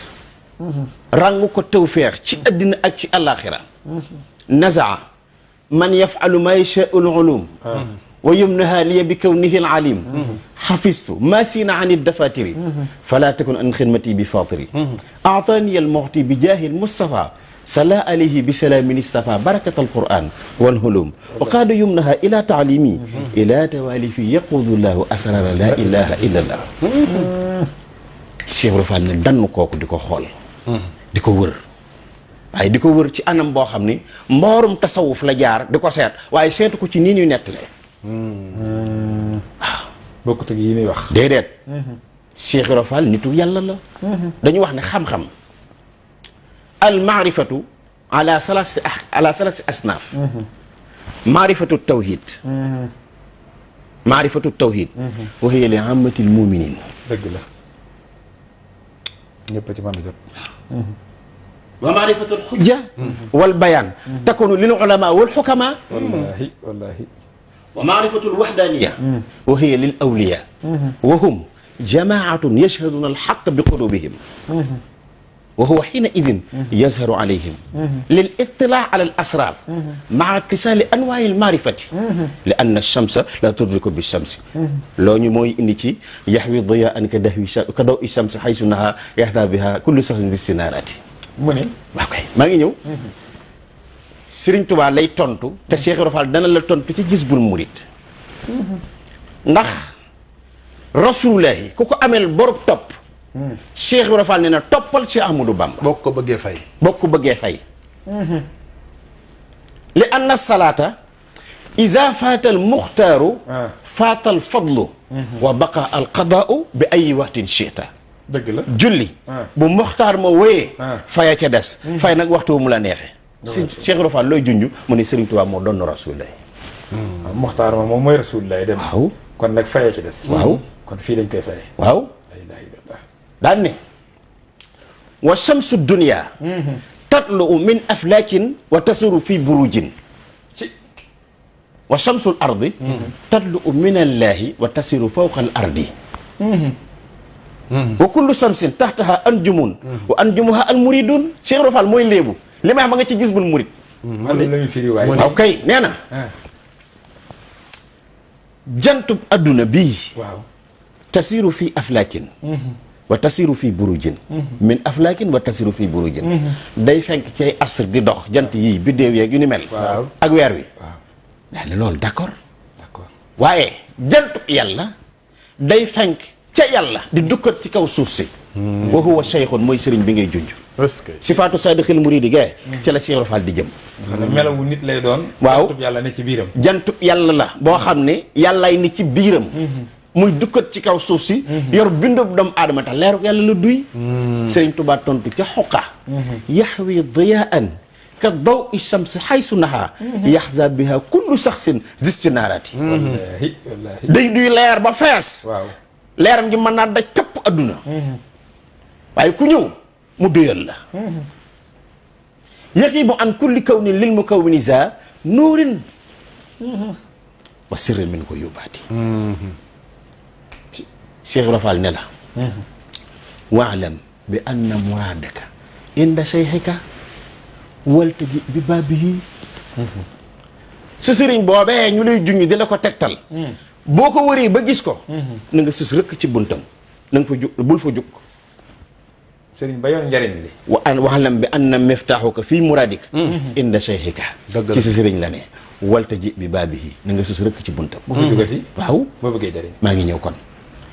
Mhm. ràngu ci àddina ak ci àllaaxira. Mhm. nazaa man yafalu ma yashaau al ulum ah. wa yumnaha bi kawnihi al alim xafistu mhm. ma siina an dafatiri fala takun an xidmati bi bi jaahi mustafa sala alayhi bi salaami mustafa barakat alquran wal hulum wa qaada yumnaha ila taalimi ila tawalifi yaqudu llahu asrara la ilaha illa allah Cheikh Ibra Fall kooku di ko xool di ko wër waaye di ko wër ci anam boo xam ni mboorum tasawuf la jaar di ko seet waaye seetu ko ci nii ñuy nettalee waaw hmm. bokkut ak yi ñuy wax déedéet Cheikh Ibra Fall nitu yàlla la hmm. dañu wax ne xam-xam al maarifatu ala salaasi ah, ala salaasi asnaaf maarifatu tawhid maarifatu tawhid wa hiya li ammatil muminin dëgg la ñëpp ci mën a jot wa maarifatul xujja wal bayaan takunu lil ulama wal xukama wallahi wallahi wa maarifatul waxdaaniya wa hiya lil awliya wa hum jamaatun yashhaduna al xaq bi qulubihim wa huwa xiina idin yazharu alayhim lil ittilaa ala al asrar maa kisaali anwaai al maarifati li anna shamsa la tudriku bi shamsi loo ñu mooy indi ci yaxwi diyaan ka dawi ka daw i shamsi xaysu naha yahda biha kullu saxsin di sinaaraati mu ne waaw kay maa ngi ñëw Sëriñ Tuubaa lay tontu te Cheikh Ibra Fall dana la tontu ci Jisbul Murid ndax rasulullahi ku ko amel borub topp Cheikh Ibrahima Fall ne na toppal ci Ahmadou Bamba. boo ko bëggee fay. bokk ko bëggee fay. li anna salaata. iza faatal muxtaaru. Ah. faatal fadlu. Mhm. wa baqa al qadaau bi ay waxtin chita. dëgg la julli. Ah. bu muxtaar ma wéyee. Ah. faya ca des. Mhm. fay nag waxtu mu la neexee. si Cheikh Ibrahima looy junj mu ne Serigne Touba moo doon Rasulullah. Hmm. muxtaar ma moom mooy Rasulullah dem. kon nag faya ca des. waaw hmm. kon fii lañ koy fayee. waaw. daan ne wa shamsu dunya mhm. tatlu min aflakin wa tasuru fi burujin wa shamsul ardi mhm. tatlu min allahi wa tasiru fawqa al ardi mhm. wa kullu shamsin tahtaha anjumun wa anjumuha al muridun Cheikh Ibra Fall mooy léebu li may xam ma nga ci gis bul murid waaw kay nee na ah. jantub adduna bii tasiru fi aflakin wa tasiru fii burujin mhm. min aflakin wa tasiru fii burujin mhm. day fenk ci ay asr di dox jant yii biddéew yeeg yu ni mel ak weer wi daa ne loolu d'accord d'accord waaye jantu yàlla day fenk ca yàlla di dukkat ci kaw suuf si hmm. wa huwa cheikhun mooy sëriñ bi ngay junj sifaatu saadiqil muridi gee hmm. ci la Cheikh Rafal di jëm melawu nit lay doon waaw yàlla ne ci biiram jantub yàlla la boo hmm. xam ne yàllaay ni ci biiram muy dukkat ci kaw suuf si mhm. yor bindu doomu aadama duy mhm. sëriñ Tuubaa tontu ca xoqa mhm. yaxwi diyaan ka daw i shamsi xaysu biha kullu saxsin zistinaarati day duy leer ba fees leeram gi mën naa daj kapp adduna waaye ku ñëw mu duyal la yaqibu an kulli kawnin lil mukawwini za nuurin wa sirrin min ko Cheikh Ibra ne la mhm. waalam bi anna muraadaka inda seyxika walte bi baabi yii mhm. sa sëriñ boobee ñu lay junj di la ko tegtal mhm. boo ko wëree ba gis ko nanga nga sës rëkk ci buntam na nga fa jug bul fa jug sëriñ ba yor njariñ li wa an waxlam bi anna miftaaxuka fii muraadik inda seyxika ci sa sëriñ la ne walte ji bi baabi yii na nga sës rëkk ci buntam bu fa jugati waaw boo bëggee jariñ maa ngi ñëw kon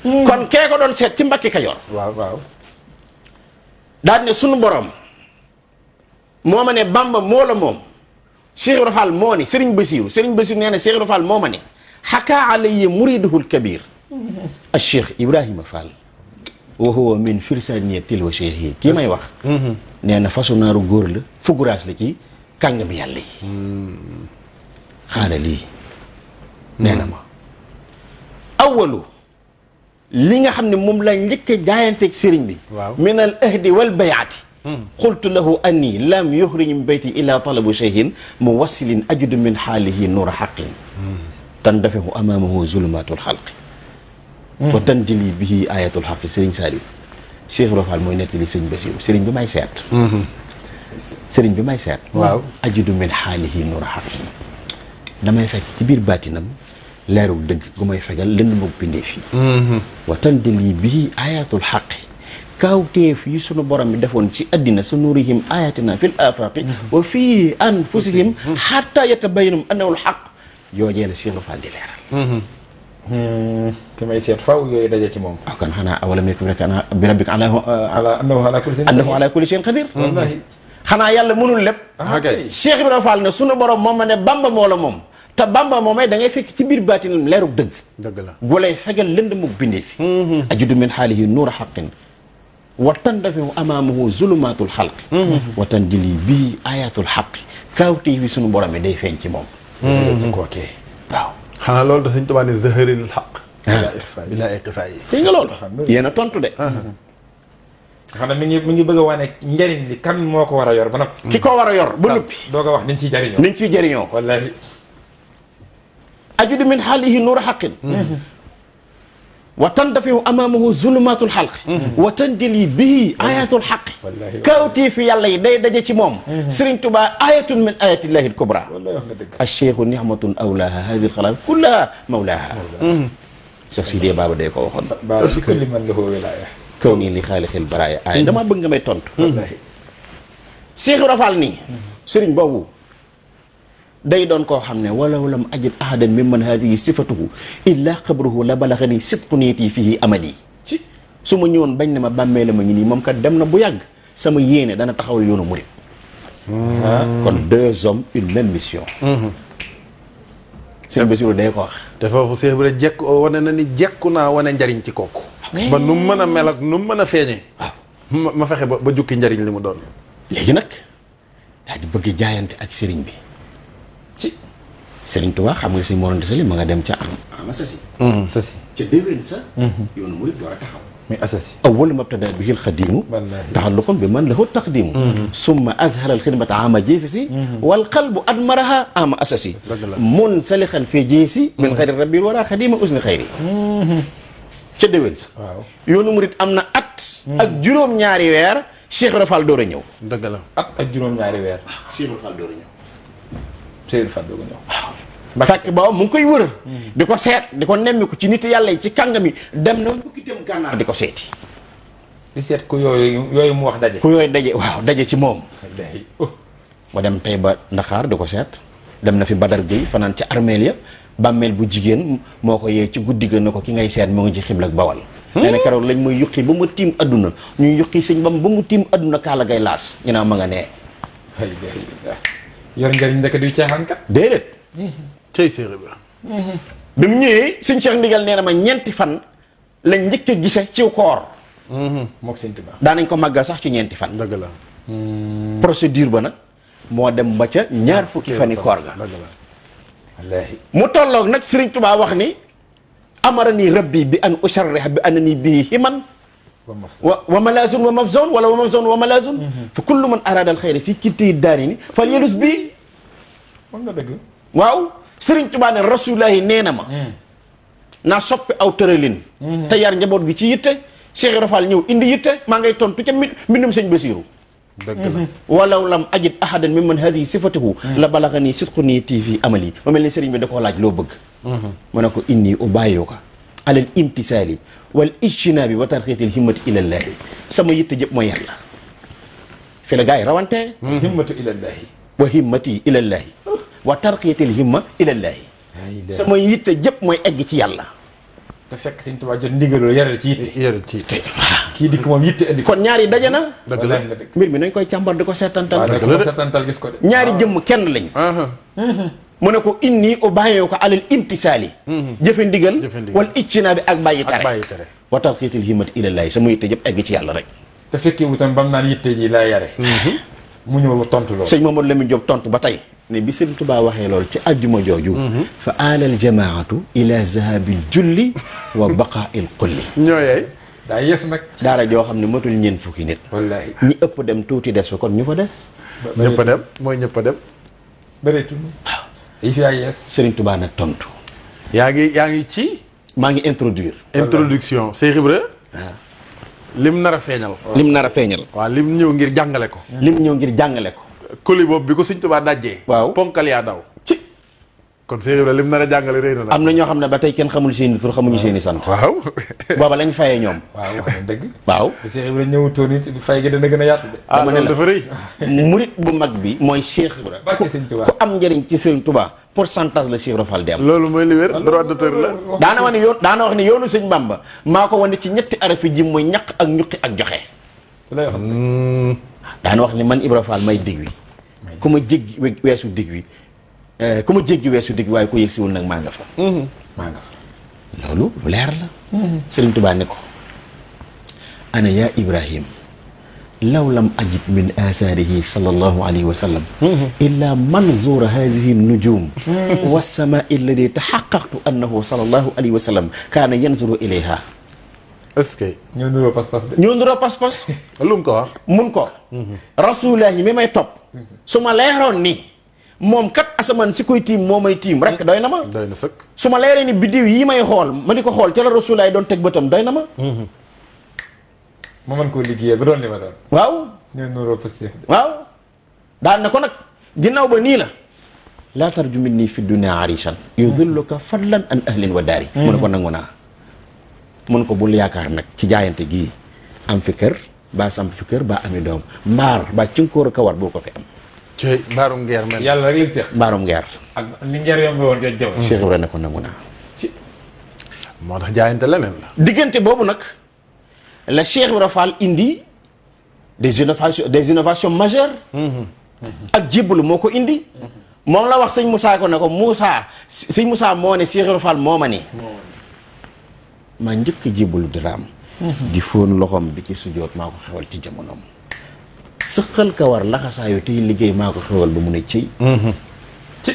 Mm. kon kee ko doon seet ci Mbàkke Kajoor waaw sunu borom moo ma ne Bamba moo la moom Cheikh Ibra moo ne Serigne Bassirou Serigne Bassirou nee na Cheikh Ibra ne xakaa alayya muriduhul kabir kii may wax mm-hmm. nee na naaru góor la fuguraas la ci kàngam yàlla yi mm. xaala lii mm. ma awalu li nga xam ne moom la njëkk a jaayanteeg sëriñ bi min al ahdi wal bayaati hmm. qultu lahu anni lam yuxrij min bayti illa talabu shay'in muwassilin ajudu min xaalihi nuura xaqin hmm. tandafexu amaamahu zulumatul xalqi hmm. wa tandili bihi ayatul xaqi sëriñ Saliou Cheikh Rofal mooy nettali sëriñ Basiru sëriñ bi may seet sëriñ bi may seet waaw ajudu min xaalihi nuura xaqin damay fekk ci biir baatinam leeru dëgg gu may fegal lënd mag bindee fii watandil yi mm-hmm. bii ayatul xaqi kaawteef yi sunu borom bi defoon ci addina sa nuurihim ayatina fil mm-hmm. wa fii anfusihim xatta yatabayyanum annahul xaq yoojee la Cheikh Fall di leeral mm-hmm. hmm. ki may seet faaw yooyu daje ci moom. ah kon xanaa awalam yakun bi rabbika uh, annahu xanaa yàlla mënul lépp. ah kay sunu borom moom ma ne Bamba moo moom. te bamba moomay da ngay fekk ci biir baatinam leeru dëgg. dëgg la gu lay fegal lënd mu bindee fi. Mm-hmm. ajudu min xaalihi nuura xaqin. wa tandafiu amaamahu zulumaatul xalqi. Mm-hmm. wa tandili bii ayatul xaqi kaawtee wi sunu borom yi day feeñ ci moom. dëgg mm-hmm. waaw. xanaa loolu da suñ tubaab ne zaharil xaq. Ah. bilaa ixfaa yi dégg nga loolu. yéen a tontu de. Ah. xanaa mu ngi bëgg a wane njariñ li kan moo ko war a yor ba noppi. ki ko war a yor ba noppi. doo ko wax niñ ciy jariñoo niñ ciy jariñoo. wallaahi. tajudu min xaalihi nuur xaqin wa tandafiu amaamahu zulumatul xalq wa tanjali bihi ayatul xaq kawtii fi yàlla yi day daje ci moom Sëriñ Tuubaa ayatun min ayatillahi alkubra alcheikhu nihmatun awlaha hadi alxalaaq kullaha mawlaha Cheikh Sidee Baba day ko waxoon kaw nii li xaalixil baraaya aaya damaa bëgg nga may tontu Cheikh Ibra Fall nii sëriñ boobu day doon koo xam ne walaw lam ajid ahadan mimman haadihi sifatuhu illa xabruhu la balaxani sidqu niiti fihi amali ci su ma ñëwoon bañ ne ma bàmmee la ma ngi nii moom kat dem na bu yàgg sama yéene dana taxawal yoonu murit ah. Ah, kon deux hommes une même mission mm-hmm. sëñ Basiru day ko wax te foofu seex bi la jekk wane na ni jekku naa wane njariñ ci kooku ba nu mu mën a mel ak nu mu mën a feeñee waaw ah. ma fexe ba ba jukki njariñ li mu doon léegi nag daa di bëgg jaayante ak sëriñ bi ci. Serigne xam nga si Mor Ndisa li ma nga dem ca am. am asasi. Mm. asasi ca déwén sa. Mm-hmm. yoonu murid door a taxaw. muy asasi. awwal mabtada bihil xadiimu. wallaahi taxalluqun bi man lahu taqdiimu. Mm-hmm. summa azhara alxidmata ama jeesisi. Mm-hmm. wal qalbu admaraha ama asasi. mun salixan fee jeesi. min xayri rabbi wara xadiima usni xayri. ca déwén sa. waaw yoonu murid am na at. ak juróom-ñaari weer Cheikh Ibra Fall door at ak juróom weer. Ah, Cheikh Ibra Fall door a Seydou Fadou ba mu ngi koy wër. di ko seet di ko nemmiku ci nit yàlla yi ci kàngami dem na dem gànnaar di ko seeti. di seet ku yooyu mu wax daje. ku yooyu daje waaw daje ci moom. mu dem tey ba ndaxaar di ko seet. dem na fi Badar Gueye fanaan ci armeel ya bàmmeel bu jigéen moo ko yee ci guddi gën na ko ki ngay seet mu ngi ci xibla ak bawal. Hmm? keroog lañ mooy yuqi ba mu tiim adduna ñuy yuqi sëñ ba mu tiim adduna kaala gay laas ñu naa ma nga nee. yor njëriñ ndekk duy caaxaan kat. déedéet. Mm-hmm. cey séeréer bi. Mm-hmm. bi mu ñëwee suñ Cheikh Ndigal nee ma ñeenti fan lañ njëkk a gise ciw koor. Mm-hmm. moog sëñ Tuubaa daanañ ko màggal sax ci ñeenti fan. dëgg la. Mm. procédure ba nag moo dem ba ca ñaar fukki fani koor ga. mu tolloog nag Serigne Touba wax ni. amara ni bi an usharriha bi anani bii himan wa malaasun wa mafzon wala wa mafzon wa malaasun mhm. fa kullu man araada al xayra fii kilti daarini fal yelus bii moom nga waaw Sëriñ Tuubaa ne rasulullahi nee na ma mhm. naa soppi aw tëralin mhm. te yar njaboot gi ci yitte Cheikh Ibra Fall ñëw indi yitte maa ngay tontu ca mbindum sëñ Basiiru dëgg la walaw lam ajid ahadan mimman sifatuhu la balaga nii sidqu nii tv amali ma mel ni sëriñ bi da koo laaj loo bëgg ma ne ko inni ubayyuka ala al imtisaali wal ijtinaabi wa tarxiitil himmati ilallaahi sama yitte jëpp mooy yàlla fi la gars yi rawante himmatu ilallaahi wa himmati ilallaahi wa tarxiitil himma ilallaahi sama yitte jëpp mooy egg ci yàlla te fekk sëñ Tuubaa jot ndigalul yaral ci ci yitte kii dikk moom yitte indi kon ñaari daje na dëgg la mbir mi nañ koy càmbar di ko seetantal di ko gis ko de ñaari ah. jëmm kenn lañ mu ne ko inni ubayyi'uka ko alal imtisaali mhm. jëfe ndigal wal ijtinaabi ak bàyyi tere wa tarxiitil himmati ilallaahi sama yitte jëpp egg ci yàlla rek te fekkee wutam bam naan yitte ji laa yare mhm. mu ñëw mu tontu loolu sëñ Mamadou Lamine Diop tontu ba tey ne bi sëñ tubaa waxee loolu ci àjjuma jooju mhm. fa alal jamaatu ila zahabil julli wa baqaa'il qulli ñooyey daa yes nag daara joo xam ne matul ñeent fukki nit wallaahi ñi ëpp dem tuuti des fa kon ñu fa des ñëpp a dem mooy ñëpp IPIS Serigne Touba nag tontu. yaa ngi yaa ngi ci. maa ngi introduire. introduction Cheikh ah. Ibra. lim nar a feeñal. lim nar a feeñal. waaw lim ñëw ngir jàngale ko. lim ñëw ngir jàngale ko. koli boobu bi ko Serigne Touba dajjee. waaw ponkal yaa daw. kon Cheikh Ibrahima lim nar a jàngale rëy na. am na ñoo xam ne ba tey kenn xamul seen i tur xamuñu seen i sant. waaw booba lañ fayee ñoom. waaw wax na waaw bi Cheikh Ibrahima ñëwutoon it fay gi dana gën a yaatu de. ah murit bu mag bi mooy Cheikh Ibrahima. barke Sëñ Tuubaa ku am njëriñ ci Sëñ Tuubaa pourcentage la Cheikh Ibra Fall loolu mooy li wér droit ter la. daana wax ne yoon daana wax ne yoonu Sëñ Bamba maa ko wane ci ñetti arafi ji mooy ñaq ak ñuqi ak joxe. lay wax daana wax ni man Ibra Fall may dig wi ku ma jéggi weesu digg wi Eh, ku ma jéggi weesu digg waaye ku yëg si wul nag maa nga fa. Mhm. maa nga fa loolu lu leer la. Serigne Touba ne ko. ana yaa Ibrahim. law lam ajid min asaarihi sallallahu alayhi wa sallam. Mhm. illa manzuura haadihi nujum. Mhm. wa samaa alladi taxaqaqtu annahu sallallahu alayhi wa sallam kaana yanzuru ilayha. est-ce que ñoo nuroo pas-pas de. ñoo nuroo pas-pas. lu mu ko wax mun ko. rasulilah yi mi may topp. su ma leeroon nii. moom kat asamaan si koy tiim moo may tiim rek doy na ma. doy na sëkk su ma leeree ni biddiw yi may xool ma di ko xool ca la rasulaay doon teg bëtam doy na ma. Mhm. ma mën waaw. ñu nuroo positif na ko nag ginnaaw ba nii la. laa tarju min nii fi dunya arishan yudilluka fadlan an ahlin wa daari mu ne ko mhm. nangu naa mun ko bul yaakaar nag ci jaayante gii am fi kër baa sam fi kër baa ami doom mbaar baa cinkóor kawar boo ko fi am ci baarum ngeer mel. yàlla rek lañ seq. baarum ngeer. ak ni ne ko nangu naa. moo tax jaayante leneen la. diggante boobu nag la Cheikh Ibrahima Fall indi des innovations des innovations majeures. Mm-hmm. ak jébbalu moo ko indi. Mm-hmm. moom la wax sëñ Moussa ko ne ko Moussa sëñ Moussa moo ne Cheikh Ibrahima moo ma ne. ma njëkk a jébbalu diraam. Mm-hmm. di fóon loxoom bi ci sujoot maa ko xewal ci jamonoom. sëqal ka war laxasaayu tey liggéey maa ko xewal ba mu ne cëy mhm. ci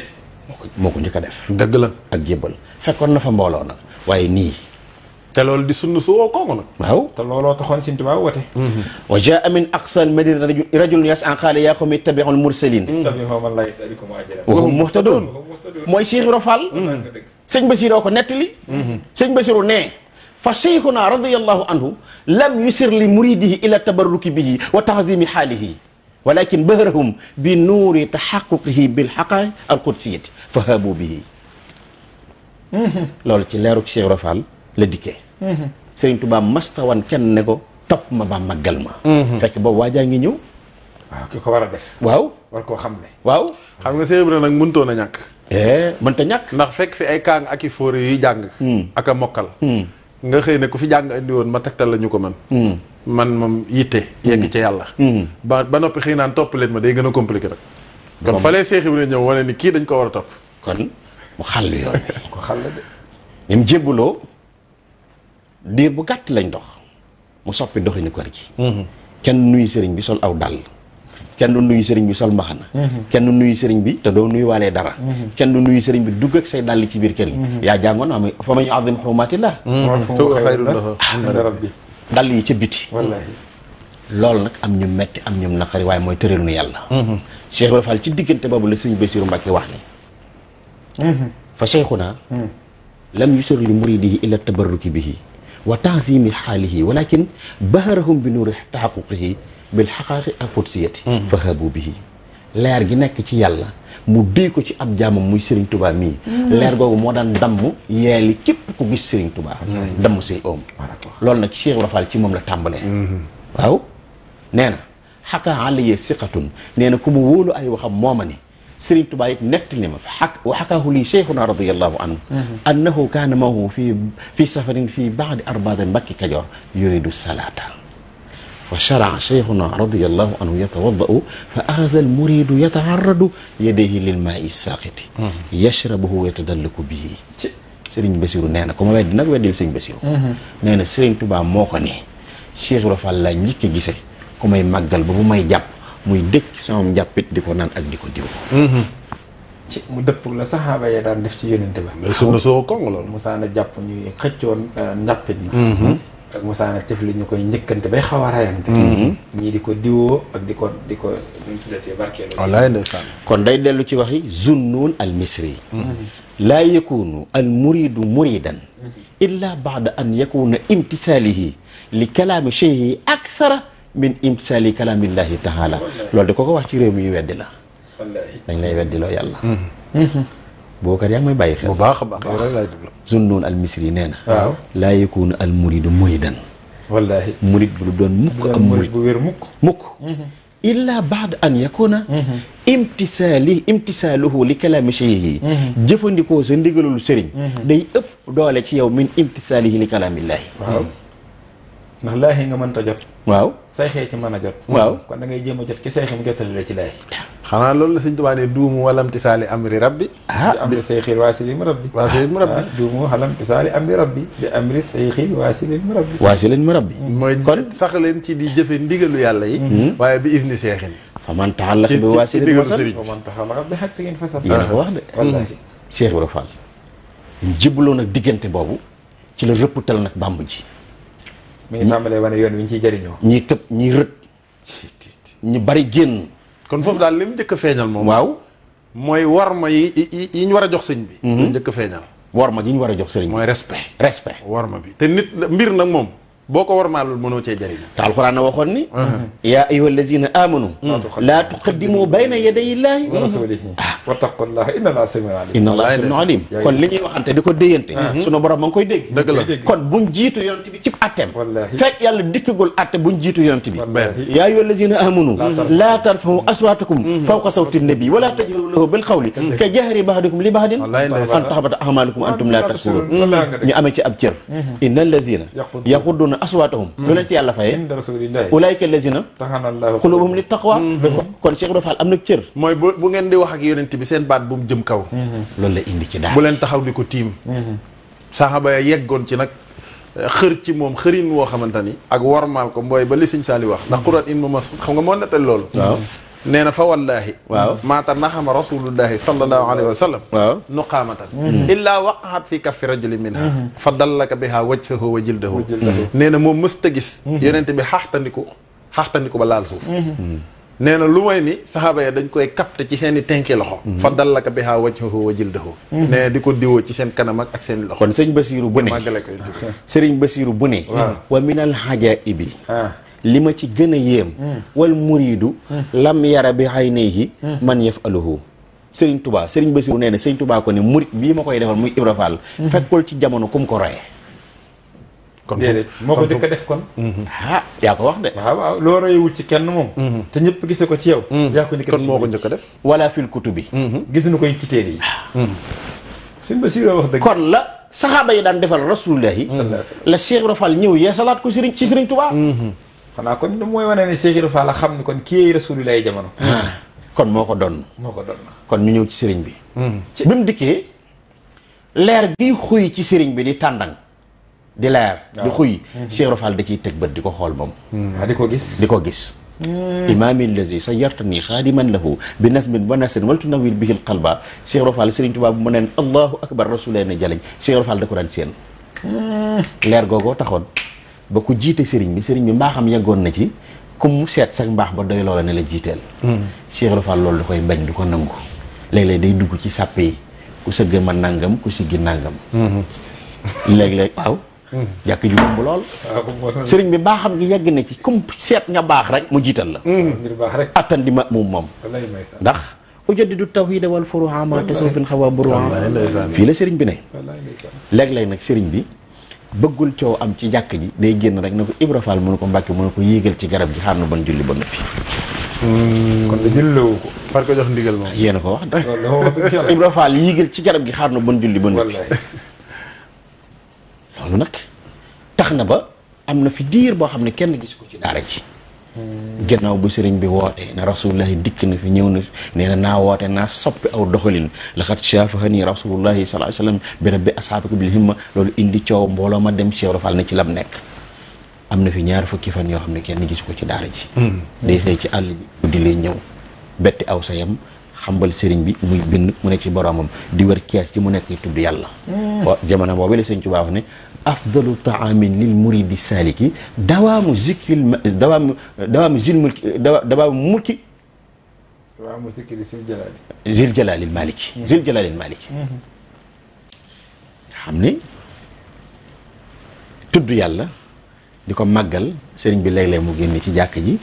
moo ko njëkk a def dëgg la ak jébbal fekkoon na fa mbooloo nag waaye nii te loolu di sunn su woo kooku nag waaw te looloo taxoon Sëñ Tuubaa woote mhm. wa jaa min aqsa al madina rajul yas'aa qaala yaa qawmi ittabi'ul mursaliin wa hum muhtaduun mooy Cheikh Ibra Fall sëñ Basiiroo ko nettali mhm. sëñ Basiiru nee fa cheikhuna radiallahu anhu lam yusir li muridihi ila tabarruki bihi wa tahdimi haalihi walakin bahrahum bi nuuri taxaquqihi bil xaqaay alqudsiyati fa haabu bihi loolu ci leeru Cheikh Ibra Fall la dikkee Sëriñ Tuubaa mastawan kenn ne ko topp ma ba màggal ma fekk boobu waajaa ngi ñëw waaw ki ko war a def waaw war koo xam ne waaw xam nga Cheikh Ibra nag mënutoon a ñàkk eh, mënta ñàkk ndax fekk fi ay kaang ak i fóore yuy jàng hmm. ak a mokkal hmm. nga xëy ne ku fi jàng indi woon ma tegtal la ñu ko man hmm. man moom yitte yegg hmm. ca yàlla hmm. ba ba noppi xëy naan topp leen ma day gën a compliqué rek kon falee Seex ne ñëw wane ni kii dañ ko war a topp kon mu xàll yoon ko xàll de ni mu jébbuloo diir bu gàtt lañ dox mu soppi doxinu kër gi kenn nuyu sëriñ bi sol aw dàll kenn nu nuyu sëriñ bi sol mbaxana mhm. kenn du nuyu sëriñ bi te doo nuyu waalee dara mhm. kenn du nuyu sëriñ bi dugg ak say dàll ci biir kër mhm. yaa jàngoon fa ma ñu azim xurumatillah rabbi dàll yi ca biti loolu nag am ñu metti am ñu naqari waaye mooy tëral nu yàlla Cheikh la sëriñ Bassirou Mbacké wax ni fa cheikhuna lam yusir li muridihi illa tabarruki bihi wa taazimi xaalihi walakin baharahum bi nuuri taxaquqihi bil xaqaaqi ak qudsiyati fahabu bihi leer gi nekk ci yàlla mu duy ko ci ab jaamam muy Serigne Touba mii leer googu moo daan damm yeeli képp ku gis Serigne Touba damm say oom loolu nag Cheikh Ibra Fall ci moom la tàmbalee nee na xaqaa alayya siqatun nee na ku mu ay waxam mooma ni Serigne Touba it nettali ne ma xaq wa xakaahu lii cheikhuna radiallahu anhu annahu kaana mahu fi fi safarin fi baadi arbaade mbakki kajoor yuridu salaata فشرع شيخنا رضي الله عنه يتوضأ فأخذ المريد يتعرض يديه للماء الساقط يشربه ويتدلك به Sëriñ Basiru nee ku ma weddi nag weddil Sëriñ Basiru nee Sëriñ Tuubaa moo ko ne Cheikh Ibra Fall laa njëkk a gise ku may màggal ba bu may jàpp muy dëkk samam njàppit di ko naan ak di ko diw mm-hmm. ci mu dëpp la saxaaba ya daan def ci yónnente ba sunna soo kong loolu Musaa na jàpp ñuy xëccoon euh, njàppit ma mm-hmm. ak Musaana Tifli ñu koy njëkkante bay xaw a rayante mhm. ñii di ko diwoo ak di ko di ko nu mu tuddatee barkeelu. wallaay kon day dellu ci waxi zunnun al misri. Mhm. laa yakunu al muridu muridan. illa baada an yakuna imtisaalihi li kalaami cheikhi aksara min imtisaali kalaamillahi taala loolu di ko ko wax ci réew mi ñu weddi la. dañ lay loo yàlla. Mhm. bookat yaa ngi may bàyyi xel. bu baax a baax yow rek laay déglu. Zunnun al Misri nee na. waaw laa yakunu al muridu muridan. wallaahi murid bu doon mukk am murid bu wér mukk. mukk. Mm-hmm. illa baad an yakuna mm-hmm. imtisaali imtisaaluhu li kalaami cheikhihi mm-hmm. jëfandikoo sa ndigalul sëriñ. day ëpp doole ci yow min imtisaalihi li kalaamillaahi. waaw. ndax laahi nga mënta jot. waaw sayxee ci mën a jot. waaw kon da ngay jéem a jot ki sayxi mu jottali la ci laahi. xanaa loolu la sëñ Tuubaa ne duumu walam tisaali amri rabbi. ah bi amri sayxil waasilil mu rabbi. waasilil mu rabbi ah, duumu walam tisaali amri rabbi. bi amri sayxil waasilil mu rabbi. waasilil mu rabbi. mooy kon sax leen ci di jëfe ndigalu yàlla yi. Hmm. Hmm. waaye bi is isni seexin. fa man taxallaq bi waasilil masal ci ci ndigalu sëriñ. fa man taxallaq bi xaq si ngeen fasal. ko wax de. Ah, wallaahi Cheikh nag diggante boobu ci la rëppatal nag bàmb ji mi ngi tàmbalee wane yoon wi ñu ciy jëriñoo. ñi tëb ñi rët. ñu bari génn. kon foofu daal li mu njëkk a feeñal moom. waaw mooy war ma yi yi ñu war a jox sëñ bi. Mhm. lu njëkk a feeñal. war ma yi ñu war a jox sëriñ bi. mooy respect. respect war ma bi te nit mbir nag moom. boo ko warmaalul mënoo cee jëriñ te alxuraan uh-huh. wa rasulihi wattaqullaha inna allaha samiun alim inna allaha samiun alim kon li ñuy waxante di ko déyante uh-huh. sunu borom ma ngi koy dégg dëgg la kon buñ jiitu yonent bi cib atteem fekk yàlla dikkagul atte buñ jiitu yonent bi yaa ayyuha allazina amanu laa tarfau aswaatakum uh-huh. fawqa sawti nabi wala tajharu lahu bil qawli ka jahri bahadikum li bahadin an tahbata ahmalukum antum laa tashkurun ñu amee ci ab alladina aswaatahum lu leen ci yàlla faye inda rasulillahi ulaayka alladina xulubuhum li taqwa mm-hmm. kon Cheikh Ibra Fall am na cër mooy bu bu ngeen di wax ak yonent bi seen baat bu mu jëm kaw mm-hmm. loolu la indi ci daal bu leen taxaw di ko tiim mm-hmm. saxaaba ya yeggoon ci nag eh, xër ci moom xërin woo xamante ak warmaal ko mbooy ba li Sëñ Saali wax ndax Quraan in ma mas xam nga moo nettal loolu nee na fa wallaahi. waaw maata naxama rasulullahi sallallahu alayhi wa sallam. waaw nuqaamatan. Mm-hmm. Mm-hmm. illaa waqaxat fi kaffi rajuli minha mm-hmm. fa dallaka biha wajhahu wa jildahu. nee moom mësta gis. yonente bi xaxtandiku xaxtandiku ba laal suuf. nee na lu may ni saxaaba ya dañ koy capté ci seen i tenki loxo. fa dallaka biha wajhahu wa jildahu. nee di ko diwoo ci seen kanam ak seen loxo. kon sëñ Basiirou bu ne. màggale ko sëriñ Basiirou bu ne. waaw wa minal hajaibi. Ah. li ma ci gën a yéem hmm. wal muriidu hmm. lam yara bi xay nay yi hmm. man yaf aluhu Serigne Touba Serigne Bassirou nee na Serigne tubaa ko ne murit bii ma koy defal mu Ibra Fall fekkul ci jamono kum ko roye kon moo def kon ah wax de ci kenn moom te ñëpp gise ko ci yow yaa ko njëkk njëkk def wala fil kutubi gisuñu koy ci téere yi Serigne wax dëgg kon la saxaaba yi daan defal rasulullahi la Cheikh Ibra Fall ñëw yeesalaat ko Serigne ci Serigne Touba xanaa kon mooy wane ne Cheikh xam ni kon kii Rasulullah jamono. Ah. kon moo ko doon. moo ko doon kon ñu ñëw ci sëriñ bi. Hmm. ci bi mu dikkee leer gi xuy ci sëriñ bi di tàndang di leer. di xuy hmm. Cheikh Ibra da ciy teg bët di ko xool moom. Hmm. Ah, di ko gis di ko gis. imaami lazi sayyartani xaadiman lahu bi nasmin wa nasrin waltu nawil bihil qalba Cheikh Ibra Fall Sëriñ Tuubaa bu mu neen allahu akbar rasulullah ne jaleñ Cheikh Ibra Fall da ko daan seen. leer googoo taxoon. ba ku jiite sëriñ bi sëriñ bi mbaaxam yeggoon na ci comme mu seet sax mbaax ba doy loola ne la jiiteel. Hmm. Cheikh Ibra Fall loolu da koy bañ du ko nangu. léeg-léeg dugg ci sàppe yi ku sëgg ma nangam ku siggi nangam. Hmm. léeg-léeg waaw. yàq hmm. ji yomb lool. sëriñ bi mbaaxam gi yegg na ci ku seet nga baax rek mu jiital la. baax rek attan di ma moom moom. ndax. du taw ujaddidu tawhida wal furuha ma tasawufin xawa buruha fii la sëriñ bi ne. léeg-léeg nag sëriñ bi. bëggul coow am ci jàkk ji day génn rek na ko Ibra Fall mu ne ko Mbàkke mu ne ko yéegal ci garab gi xaar na ban julli ba noppi hmm. kon de jullewu ko far ko jox ndigal ko wax da Ibra Fall ci garab gi xaar ban julli ba noppi loolu nag tax na ba am na fi diir boo xam ne kenn gis ko ci daara ji gannaaw bu sëriñ bi woote na rasulullahi dikk na fi ñëw na fi nee na naa woote naa soppi aw doxalin laxat shafahani rasulullahi sallallahu alayhi wasallam bi rabbi ashaabaka bil himma loolu indi coow mbooloo ma dem Cheikh Rafal na am na fi ñaar fukki fan yoo xam ne kenn gis ko ci daara ji hmm. day xëy ci àll bi di leen ñëw betti aw sayam xambal sëriñ bi muy bind mu ne ci boromam di wër kees gi mu nekk tudd yàlla hmm. jamono boobu la sëñ Tuubaa ne afdalu taamin lil muridi saliki dawaamu zikril ma dawaamu dawaamu zil mulki dawaamu mulki dawaamu zikri zil jalaali zil xam ni tudd yàlla di ko màggal sëriñ bi léeg-léeg mu génn ci jàkk ji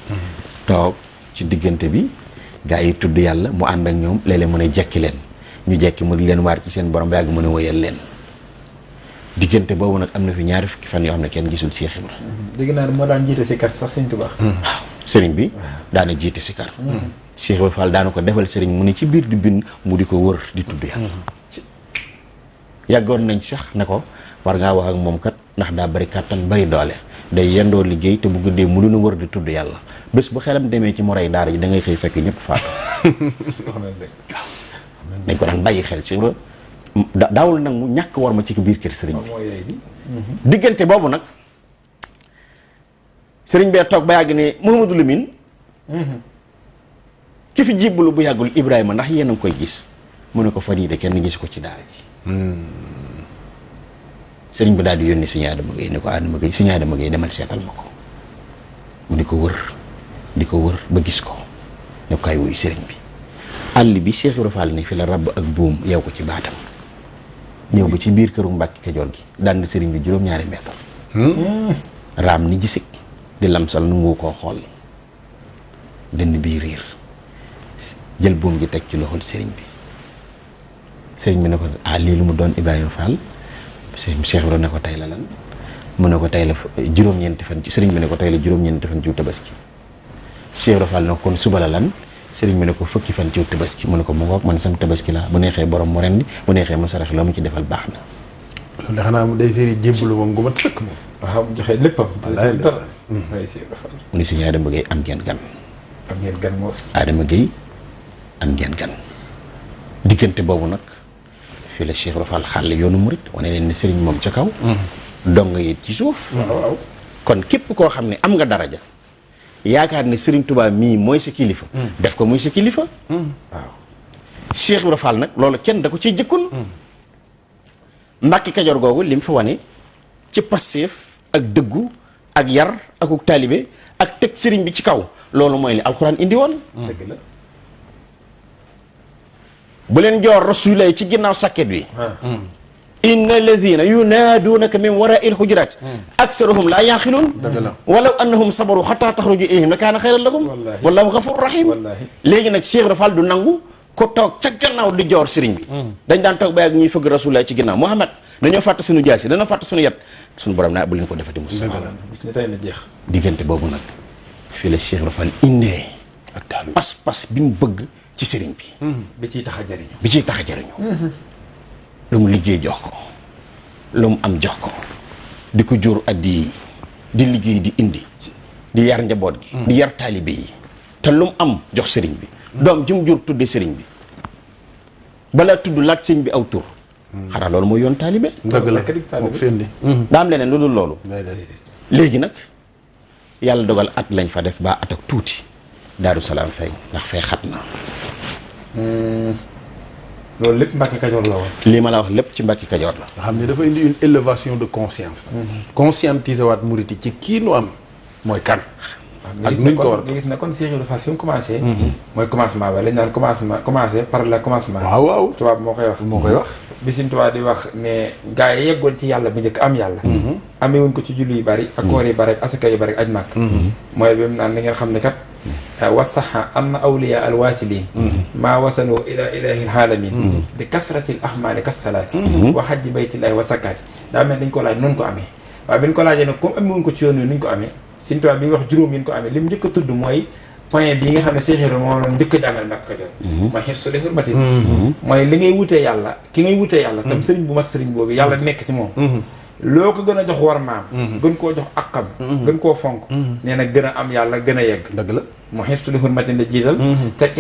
toog ci diggante bi gaa yi tudd yàlla mu ànd ak ñoom léeg-léeg mu ne jekki leen ñu jekki mu di leen waar ci seen borom ba yàgg mu ne wëyal leen diggante boobu nag am na fi ñaari fukki fan yoo xam ne kenn gisul Cheikh Ibra. dégg naa ne moo daan jiite sikar sax sëñ Tuubaa. Hmm. waaw sëriñ bi daana jiite sikar. Hmm. Cheikh Ibra Fall daana ko defal sëriñ mu ne ci biir di bind mu di ko wër di tudd yàlla. Hmm. yàggoon nañ sax ne ko war ngaa wax ak moom kat ndax daa bari kàttan bari doole day yendoo liggéey te bu guddee mu duna wër di tudd yàlla bés bu xelam demee ci moray daara ji da ngay xëy fekk ñëpp faatu. dañ ko daan xel Cheikh daawul nag mu ñàkk war ma ci biir kër sëriñ bi mhm. diggante boobu nag sëriñ bee toog ba yàgg ne Mouhamadou Lamine mhm. ki fi jibbalu bu yàggul Ibrahima ndax yéen a ngi koy gis mu ne ko fan yii de kenn gis ko ci daara ji hmm. sëriñ bi daal di yónni sëñ Adama Gueye ne ko Adama Gueye sëñ Adama Gueye demal seetal ma ko mu di ko wër di ko wër ba gis ko ne ko kaay sëriñ bi àll bi Cheikh Ibra Fall ne fi la rab ak buum yow ko ci baatam ñëw ba ci biir këru Mbàkke Kajoor gi daan na sëriñ bi juróom-ñaari mètre raam ni gisig di lamsal nu ngu koo xool dënn bii riir jël buum gi teg ci loxol sëriñ bi sëriñ bi ne ko ah lii lu mu doon Ibrahima Fall sëriñ Cheikh Ibra ne ko tey la lan mu ne ko tey la juróom-ñeenti fan ci sëriñ bi ne ko tey la juróom-ñeenti fan ci tabaski Cheikh Ibra Fall ne ko kon suba la lan sëriñ bi ne ko fukki fan ciw tabaski mu ne ko mu ngoog man sam tabaski la bu neexee borom mu rendi bu neexee ma sarax mu ci defal baax na. loolu xanaa day firi jébbalu moom gu mat sëkk moom. joxe léppam. wallaahi mm. la mu ne si Adama Gueye am ngeen gan. am ngeen gan moos. Adama Gueye am ngeen gan diggante boobu nag fi la Cheikh Rafal la yoonu murit wane leen sëriñ moom ca kaw. Mm. dong yi ci suuf. kon képp koo xam ne am nga daraja. yaakaar ne Serigne Touba mii mooy sa kilifa. Mm. def ko muy sa kilifa. Mm. waaw Cheikh Ibrahima nag loolu kenn da ko ciy jëkkul. Mm. Mbàkke Kajoor googu lim fa wane ci passeef ak dëggu ak yar akuk taalibe ak teg Serigne bi ci kaw loolu mooy li alxuraan indi woon. dëgg la. bu leen joor rasulay ci ginnaaw sàkket bi. inna alladina yunaaduunaka min warai lxujuraat aksaruhum laa yaaqiluun walaw annahum sabaru xataa taxruju ilayhim la kaana xayran lahum wallahu gafuur rahim léegi nag Cheikh Rafal du nangu ku toog ca gannaaw di joor sëriñ bi mm. dañ daan toog ba ak ñuy fëgg rasulullah ci ginnaaw Muhammad dañoo fàtte suñu jaasi dañoo fàtte suñu yat suñu borom naa bu leen ko defati mos tey diggante boobu nag fii la Cheikh Rafal indee pas-pas bi mu bëgg ci sëriñ bi mm. a a lu mu liggéey jox ko lu mu am jox ko di ko jur addi di liggéey di indi di yar njaboot gi di yar taalibe yi te lu mu am jox sëriñ bi doom ji jur tudde sëriñ bi balaa tudd laaj sëriñ bi aw tur xanaa loolu mooy yoon taalibe dëgg la hmm. daa am leneen lu dul loolu léegi nag yàlla dogal at lañ fa def ba at ak tuuti daaru salaam fay ndax fay xat na hmm. loolu lépp Mbacke Kajoor la woon. lii ma la wax lépp ci Mbacke Kajoor la. nga xam ne dafa indi une élévation de conscience. Mhm. conscientiser waat ci kii nu am mooy kan. Ah, ak nuñ ko a gis na kon Cheikh Ibrahima Fall fi mu commencé. Mhm. mooy commencement ba lañ naan commencement commencé par le commencement. waaw waaw tubaab moo koy wax. moo di wax ne gaa yi yeggoon ci yàlla bu njëkk am yàlla. Mhm. amee wuñ ko ci julli yu bari. ak yu bari ak asaka yu bari ak aj màkk. mooy xam ne kat. wasaxa anna awliya alwaasiliin maa wasaloo ila ilahi alamin bi kasrati l ahmaali kasalaati wa hajji baytillahi wa sakkaati daa mel dañ ko laaj noonu ko amee waaw bi ñu ko laajee nag comme amuñ ko ci yoon ni ñu ko amee Sëñ Tuubaa bi ñu wax juróom yi ñu ko amee li mu njëkk a tudd mooy point bi nga xam ne séexéero moom la njëkk a jàngal Mbàkke Kajoor mm -hmm. mooy xis li xurmati mm -hmm. mooy li ngay wutee yàlla ki ngay wutee yàlla tam mm -hmm. sëriñ bu mat sëriñ boobu yàlla nekk ci moom loo ko gën a jox war maam mhm. gën koo jox aqam mhm. gën koo fonk mhm. nee na gën a am yàlla gën a yegg dëgg la mu xistu li hurmati la jiital teg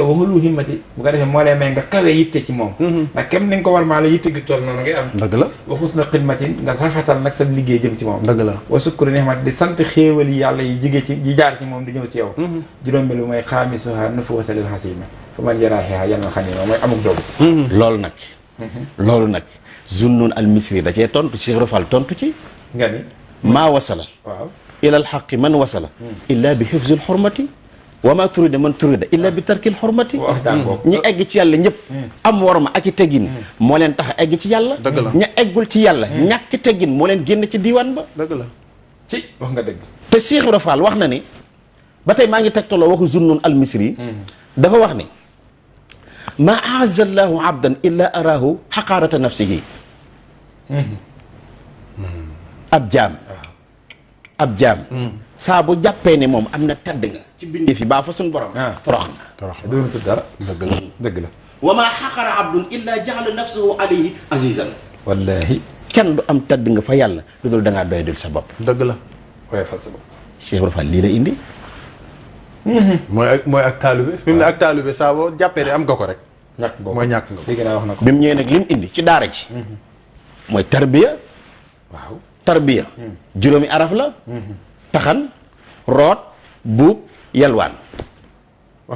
kem ni nga ko war maa la yitte gi toll na xidmatin nga rafetal nag sa di sant xéewal loolu nag loolu nag Zunnun al Misri da cee tontu Cheikh Rafal tontu ci. nga ni maa wasala. waaw ilal xaqi man wasala. Hmm. illa bi hifzil xurmati. wa maa turida man turida illa bi tarkil xurmati. Hmm. ñi egg ci yàlla ñëpp. Hmm. am warma ak i teggin. moo leen tax egg ci yàlla. dëgg la ña eggul ci yàlla. ñàkk teggin moo leen génn ci diiwaan ba. dëgg la ci wax nga dëgg. te Cheikh wax na ni. ba tey maa ngi tolo waxu Zunnun al Misri. dafa wax ni. ma aazallahu abdan illa araahu xaqaarata nafsihi ab jaam ab jaam saa jàppee ni moom am na tedd nga ci bindee fi baa fa suñ borom ah. torox na torox na doon dëgg dëgg la wa maa xaqara abdun illa jaala nafsuhu alayhi azizan wallahi kenn du am tedd nga fa yàlla lu dul da ngaa doy bopp dëgg la waaye fal sa bopp Cheikh Ibra lii la indi mooy ak mooy ak taalube bi mu ne jàppee am nga ko rek ñàkk nga ñàkk nga wax na ko bi mu ñëwee nag li indi ci daara ji mhm. mooy tarbiya waaw tarbiya juróomi araf la taxan root buub yalwaan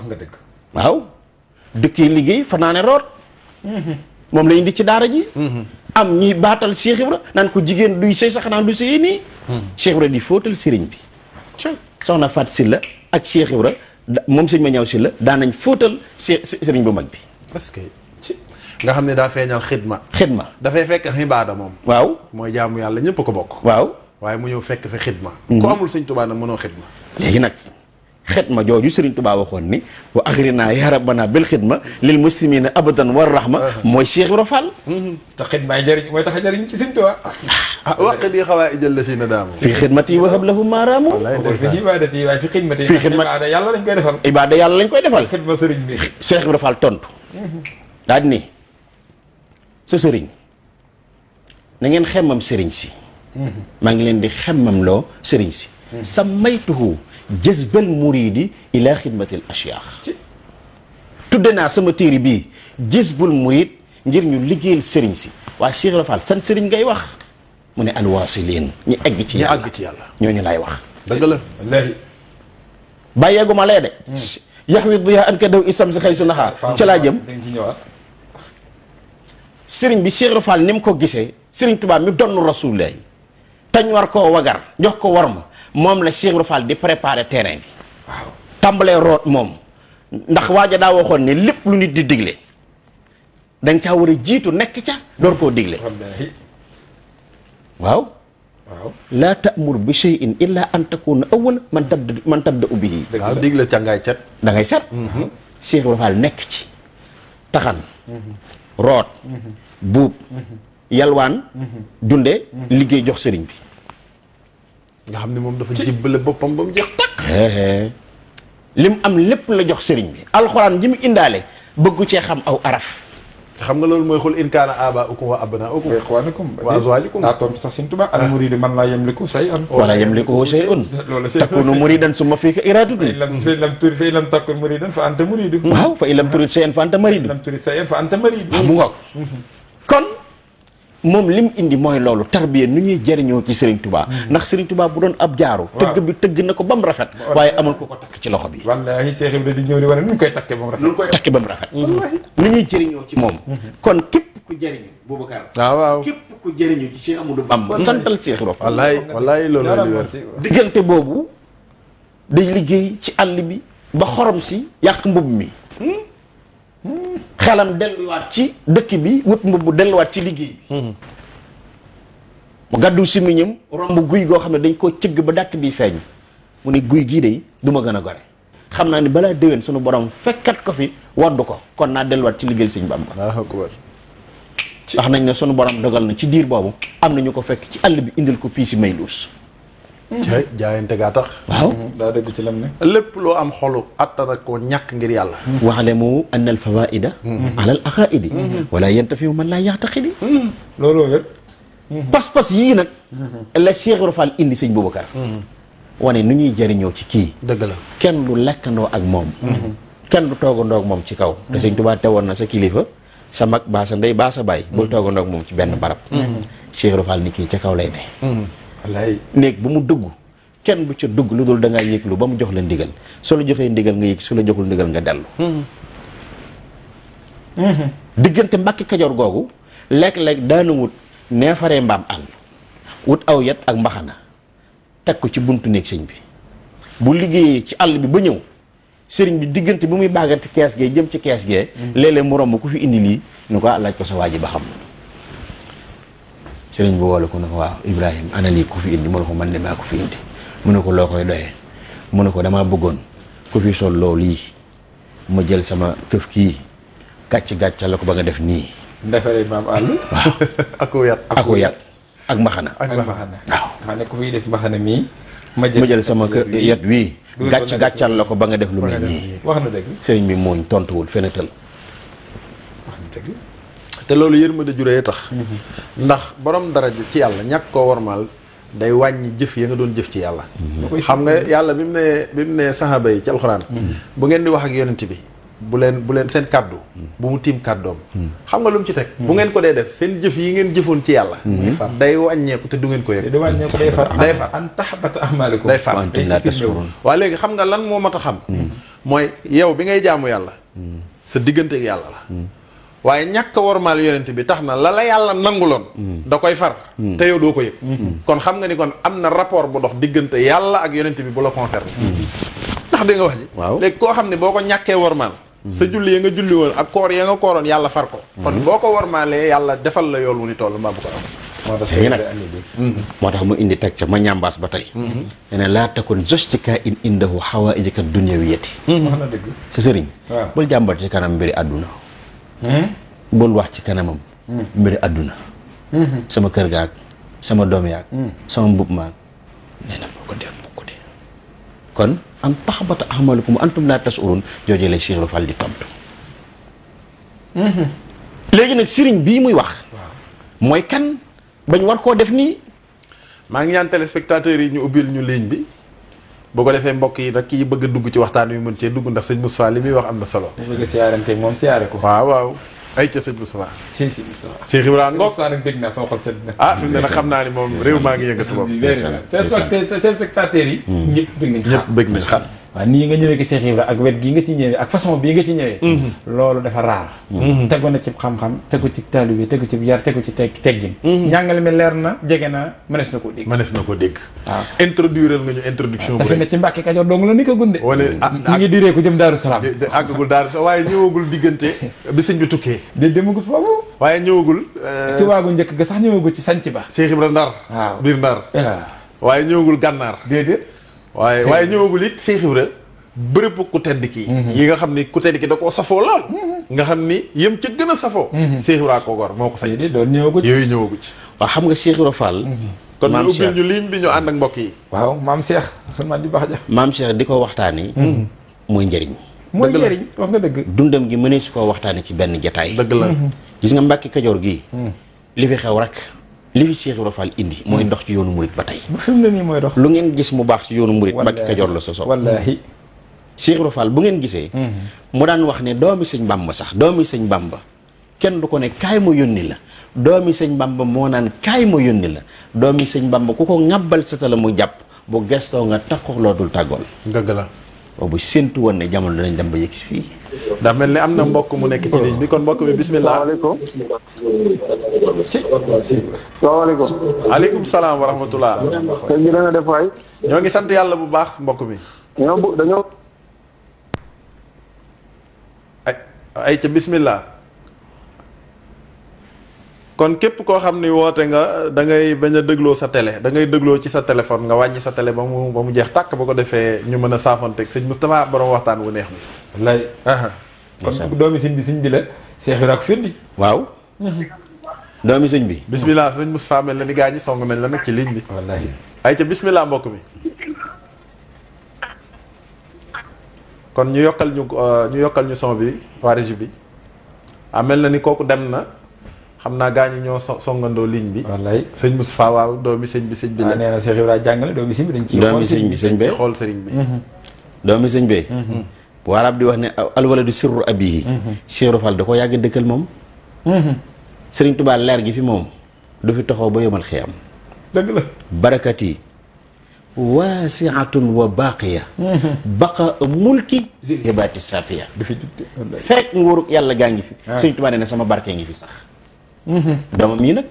nga dëgg waaw dëkk yi liggéey fanaane root moom la di ci daara ji am ñuy baatal Cheikh Ibra naan ko jigéen duy sëy sax naan du sëy nii Cheikh Ibra di fóotal sëriñ bi soxna Faat Silla ak Cheikh Ibra moom sëñ ma ñaw Silla daan nañ fóotal sëriñ bu mag bi nga xam ne daa feeñal xidma xidma dafay fekk xibaada moom waaw mooy jaamu yàlla ñëpp ko bokk waaw waaye mu ñëw fekk fi xidma mhm. ku amul sëñ tubaa nag mënoo xidma léegi nag xidma jooju Sëriñ Tubaa waxoon ni wa axrina ya rabbana bil xidma lil muslimina abadan war rahma uh-huh. mooy Cheikh Ibra Fall mhm. te xidmaay jëriñ mooy tax a jëriñ ci Sëriñ Tubaa ah. ah, waq di xawaa ijël la si na daamu fii xidmati wahab lahum maaraamu fi ibadati waaye fi xidmati fi xidmati yàlla lañ koy defal ibaada yàlla lañ koy defal xidma sëriñ bi Cheikh Ibra Fall tontu mhm. daal ni sa sëriñ na ngeen xemmam sëriñ si maa ngi leen di xemmam loo sëriñ si sa maytuhu jëzbal muridi ila xidmatil ashyaax tudde naa sama téere bii jëzbul murid ngir ñu liggéeyal sëriñ si waaye Cheikh Rafal san sëriñ ngay wax mu ne leen ñu egg ci yàlla ñu egg ci yàlla ñooñu laay wax dëgg la ma lay de hmm. yax wi diya an ka daw isam si xëy su naxaa ca laa jëm sëriñ bi Cheikh Fall ko gisee sëriñ Tuubaa mi donn Rasulullah tañ war koo wagar jox ko war ma moom la Cheikh Fall di préparer terrain bi waaw tàmbalee root moom ndax waaja daa waxoon ni lépp lu nit di digle dañ caa war a jiitu nekk ca door koo digle waaw bi shay'in illa an takuna awwal ca da ngay set mhm. nekk ci taxan mhm. root buub yalwaan dunde liggéey jox sëriñ bi nga xam ne moom dafa jébbale boppam ba mu jeex takk mu am lépp la jox sëriñ bi alxuraan ji mu indaale bëggu cee xam aw araf te xam nga loolu mooy xul in kaana aabaa'ukum wa abnaa'ukum wa ixwaanukum wa azwaajukum daa tontu sax Sëñ Tuubaa al muriidu man laa yamliku shay'an wala yamliku shay'un takunu muriidan summa fiika iraadatu fa in lam takun muriidan fa anta muriidu waaw fa in lam turid shay'an fa anta mariidu lam turid shay'an fa anta mariidu ah, mu ngoog mhm. kon moom lim indi mooy loolu tarbiya nu ñuy jëriñoo ci Serigne tubaa mm-hmm. ndax Serigne tubaa bu doon ab jaaru tëgg bi tëgg na ko ba mu rafet waaye amul ko ko takk ci loxo bi wallaahi Cheikh Ibrahima di ñëw di wane nu ñu koy takkee ba mu rafet nu ñu koy takkee ba mu rafet mm-hmm. nu ñuy jëriñoo ci moom mm-hmm. kon képp ku jëriñu Boubacar waaw waaw képp ku jëriñu ci Cheikh Amadou Bamba santal Cheikh Ibrahima wallaahi wallaahi loolu la wér diggante boobu day liggéey ci àll bi ba xorom si yàq mbub mi hmm? xelam delluwaat ci dëkk bi wut mbubb delluwaat ci liggéey bi hmm. mu gàddu simiñam romb guy goo xam ne dañ koo cëgg ba dàtt bi feeñ mu ne guy gii de du gën a gore xam naa ni balaa déwén sunu borom fekkat ko fi waddu ko kon naa delluwaat ci liggéey sëñ Bamba wax nañ ne sunu borom dogal na ci diir boobu am na ñu ko fekk ci àll bi indil ko piisi may luus jaayante gaa tax. waaw daa dëgg ci lépp loo am xolu attana koo ñàkk ngir yàlla. waalamu anna al fawaida mm-hmm. ala al aqaidi mm-hmm. wala yantafiu man laa yaxtaqidi. Mm-hmm. looloo wér. pas-pas yii nag. la Cheikh Rofal indi sëñ Boubacar. wane nu ñuy jëriñoo ci kii. dëgg la kenn lu lekkandoo ak moom. kenn du toogandoo ak moom ci kaw. te sëñ Tuubaa teewoon na sa kilifa. sa mag baa sa ndey baa sa baay. bul toogandoo ak moom ci benn barab. Cheikh Rofal ni kii ca kaw lay ne. wallaay néeg bu mu dugg kenn bu ca dugg lu dul da ngaa yëglu ba mu jox la ndigal su la joxee ndigal nga yëg su la joxul ndigal nga dellu mm-hmm. diggante mbàkki kajoor googu léeg-léeg daana wut neefaree mbaam àll wut aw yat ak mbaxana teg ko ci buntu néeg sëñ bi bu liggéeyee ci àll bi ba ñëw sëriñ bi diggante bi muy baagante kees gee jëm ci kees gee mm-hmm. léeg-léeg mu ku fi indi lii ñu ko ah, laaj ko sa waa ji ba xam sëriñ bi woo la ko ne ko waaw Ibrahima ana lii ku fi indi mu ne ko man de maa ko fi indi mu ne ko loo koy doyee mu ne ko damaa bëggoon ku fi sol loolu yi ma jël sama këf kii gàcc gàcc la ko ba nga def nii. ndefaree maam àll. ak mbaxana. ak mbaxana ku fiy def mbaxana mii. ma jël sama kë yat wii gàcc gàccal la ko ba nga def lu mel nii. wax na dëgg sëriñ bi mooñ tontuwul fenetal te loolu yërmande juree tax ndax borom daraja ci yàlla ñàkk koo war warmaal day wàññi jëf ya nga doon jëf ci yàlla xam nga yàlla bi mu ne bi mu ne saxaaba bu ngeen di wax ak yonent bi bu leen bu leen seen kàddu bu mu tiim kàddoom xam nga lu mu ci teg bu ngeen ko dee def seen jëf yi ngeen jëfoon ci yàlla day wàññeeku te du ngeen ko yëg day far day far waa léegi xam nga lan moo mat a xam hmm. mooy yow bi ngay jaamu yàlla hmm. sa diggante ak yàlla la hmm. waaye ñàkk wormaal yonent bi tax na la la yàlla nanguloon da koy far te yow doo ko yëg kon xam nga ni kon am na rapport bu dox diggante yàlla ak yonent bi bu la concerné ndax dégg nga wax ji léegi koo xam ne boo ko ñàkkee wormaal sa julli ya nga julli woon ak koor ya nga kooroon yàlla far ko kon mhm. boo ko wormaalee yàlla defal la yool wu ni toll mbaa bu ko am ñu nag mhm. moo tax mu indi teg ca ma ñambaas ba tey mhm. nee na laa takon jostika in indahu xawaa ijika dunyawiyati wax na dëgg sa sëriñ bul jàmbat ci kanam mbiri àdduna Hmm? bul wax ci kanamam hmm. mbiri àdduna hmm. sama kër gaag sama doom yaag sama mbub maag nee na bul ko def bul ko dee kon an taxabata ahmalukum antum laa tasurun joojee lay Cheikh Fall di tontu léegi nag sëriñ bii muy wax mooy kan bañ war koo def nii maa ngi ñaan téléspectateurs yi ñu ubbil ñu ligne bi boo ko defee mbokk yi nag ki bëgg dugg ci waxtaan wi mën cee dugg ndax sëñ Moustapha li muy wax am na solo. dañu bëgg a ko. waaw waaw. ay ca sëñ Moustapha. sëñ si Moustapha. Cheikh ah fi ne nag xam naa ne moom réew maa ngi yëngatu moom. incha allah incha allah te spectateurs yi. Hmm. ñëpp bëgg nañ xaar waaw nii nga ñëwee ki Cheikh ak wet gi nga ci ñëwee ak façon bii nga ci ñëwee mhm. loolu dafa raar mhm. tegu na ci xam-xam tegu ci taalibe tegu ci yar tegu ci te teggin mhm. njàngale mi leer na jege na mënees na koo dégg mënees na koo dégg waaw introduire nga ñu introduction bu rëy na ci Mbàkke Kajoor dong la ni ko gunde wala ñu ngi diree ko jëm Daaru Salaam àggagul Daaru Salaam waaye ñëwagul diggante bi sëñ bi tukkee de demagul foofu waaye ñëwagul ci euh, waagu njëkk ga sax ñëwagul ci sanc ba Cheikh Ibra Ndar waaw biir Ndar ah. waaye ñëwagul gànnaar waaye waaye ñëwagul it Cheikh Ibra bërëb ku tedd kii mhm. yi nga xam ni ku tedd ki da koo safoo lool mhm. nga xam ni yëm ca gën a safoo mhm. Cheikh Ibra ko gor moo ko sañ doon ñëwagu ci yooyu ñëwagu ci waaw xam nga Cheikh Ibra Fall kon ñu ubbil ñu ànd ak mbokk yi waaw maam Cheikh sunu maam di baax di ko waxtaani mooy njëriñ mooy njëriñ wax dëgg dundam gi mënee su koo waxtaani ci benn jataay dëgg la gis nga Mbàkke Kajoor gii li fi xew rek li fi Cheikh Ibra indi mooy hmm. dox ci yoonu murit ba tey mooy dox lu ngeen gis mu baax ci yoonu murit Mbàkke Kajoor la sosoo wallaahi Cheikh bu ngeen gisee hmm. mu daan wax ne doomi sëñ ba sax doomi sëñ Bàmba kenn du ko ne kaay ma yónni la doomi sëñ Bàmba moo naan kaay ma yónni la doomi sëñ Bàmba ku ko ŋàbbal sa tala mu jàpp bu gestoo nga tax ko loo dul tàggool la boobu séntu woon ne jamono danañ dem ba yegg si fii. ndax mel ni am na mbokk mu nekk ci ligne bi kon mbokk bi bismillah. waaleykum. si. waaleykum. waaleykum salaam wa rahmatullah. sëñ danga def ñoo ngi sant yàlla bu baax mbokk bi ñoo bu dañoo. ay ay ca bismillah. kon képp koo xam ni woote nga dangay bañ a dégloo sa télé da ngay dégloo ci sa téléphone nga wàññi sa télé ba mu ba mu jeex tàkk ba ko defee ñu mën a saafonteeg sëñ Moustapha borom waxtaan wu neex bi lay kon doomi sëñ bi bi la seex yu ak na ni gaa ñi song nañ la nag ci ligne bi ay ca bismillah mbokk mi kon ñu yokkal ñu euh, ñu yokkal ñu son bi waa régie bi ah na ni kooku dem na xam naa gaa ñi ñoo songandoo ligne bi. wallaay sëñ Moustapha waaw doomi sëñ bi sëñ bi. la ah, nee na Cheikh Ibrahima jàngale doomi sëñ bi dañ ciy. doomi sëñ bi sëñ bi xool sëriñ bi. Mm-hmm. doomi sëñ bi. bu mm-hmm. arab di wax ne alwaladu sirru abihi. Mm-hmm. Cheikh Ibra Fall da koo yàgg dëkkal moom. sëriñ Touba leer gi fi moom du fi taxaw ba yomal xiyam. dëgg la barakat yi. waasiatun wa baaqiya baqa mulki zibaati safiya du fi ah. sama barke ngi fi sax doomam yi nag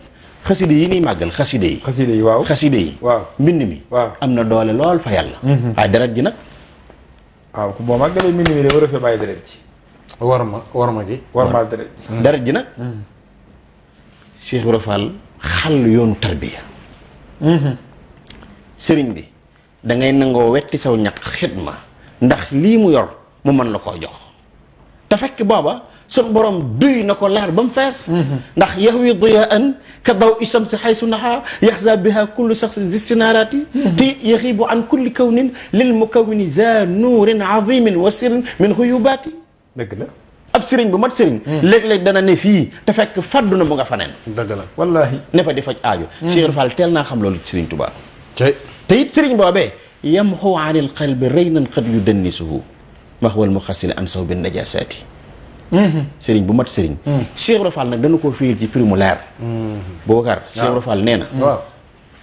xaside yi niy màggal xaside yi. xaside yi waaw mbind mi. waaw am na doole lool fa yàlla. waaye mhm. ah, deret ji nag. boo màggalee mbind mi de war a fa bàyyi deret ji. nag. Mhm. Cheikh Ibra Fall yoonu tarbiya. Mhm. sëriñ bi dangay nangoo wetti saw ñaq xidma ndax lii mu yor mu mën la koo jox te fekk booba. suñ borom duy na ko leer ba mu fees ndax yahwi diyaan ka daw i shamsi xaysu naha yaxza biha kullu shaxsin zistinaarati te yaxibu an kulli kawnin lil mukawini za nuurin azimin wa sirin min xuyubaati dëgg la ab sëriñ bu mat sëriñ léeg-léeg dana ne fii te fekk fàddu na mu nga faneen dëgg la wallaahi ne fa di faj aajo Cheikh Fall teel naa xam loolu sëriñ Tuubaa te it sëriñ boobee yamxu anil qalbi reynan qad yudanisuhu maxwal mu xasili an saw bi najasaati Mm-hmm. sëriñ bu mat sëriñ. Mm-hmm. Cheikh Ibra Fall nag dana koo fiir ci prix mu leer. Mm-hmm. Boubacar Cheikh Ibra Fall nee na. waaw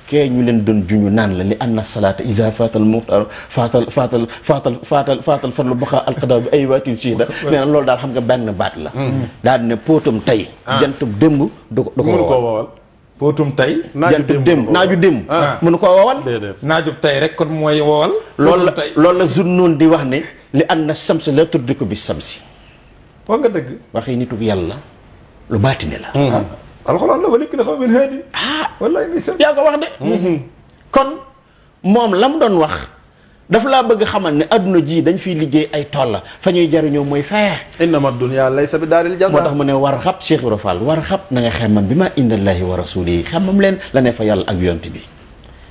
kee ñu leen doon juñu naan la li anna salaata isa fatal muftar fatal fatal fatal fatal fatal farlu baxa alqada bi ay waatin siida nee na loolu daal xam nga benn baat la. daal ne póotam tey. Ah. jantum démb du ko du ko wowal pootum tay naaju démb naaju démb ah. mënu koo wowal naaju tay rek kon mooy wowal loolu la loolu la zunnoon di wax ne li an na samsi la tuddi ko bi samsi wax nga dëgg. waxi nitu yàlla lu baatine la. Ah, alxuraan la wala kilifa min haadi. ah wallaay ndeysaan yaa ko wax de. Mm-hmm. kon moom la mu doon wax daf laa bëgg xamal ni àdduna ji dañ fiy liggéey ay tool la fa ñuy jariñoo mooy faya. innama dunya laysa bi daaril jazaa. moo tax mu ne war xab Cheikh Ibra Fall war xab na nga xemmam bi ma indallaahi wa rasuulihi xemmam leen la ne fa yàlla ak yonti bi.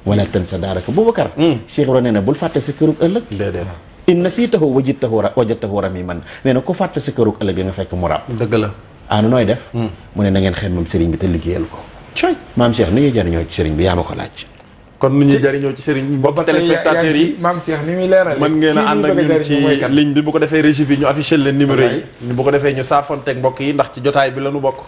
wala tën sa daaraka Boubacar. Mm. Cheikh Ibra nee na bul fàtte sa këru ëllëg. déedéet. in nasiitahu wajidtahu wajadtahu ramiman nee na ko fàtte sa kërug bi nga fekk mu rab dëgg la aanu nooy def hmm. mu ne na ngeen xemmam sëriñ bi te liggéeyal ko coy maam Cheikh ni ñuy jariñoo ci sëriñ bi yaa ma ko laaj kon nu ñuy ni muy leeral mën ngeen a ànd ak ñun bi bu ko defee régie bi ñu affiché leen numéro yi bu ko defee ñu saafonteeg mbokk yi ndax ci jotaay bi lañu bokk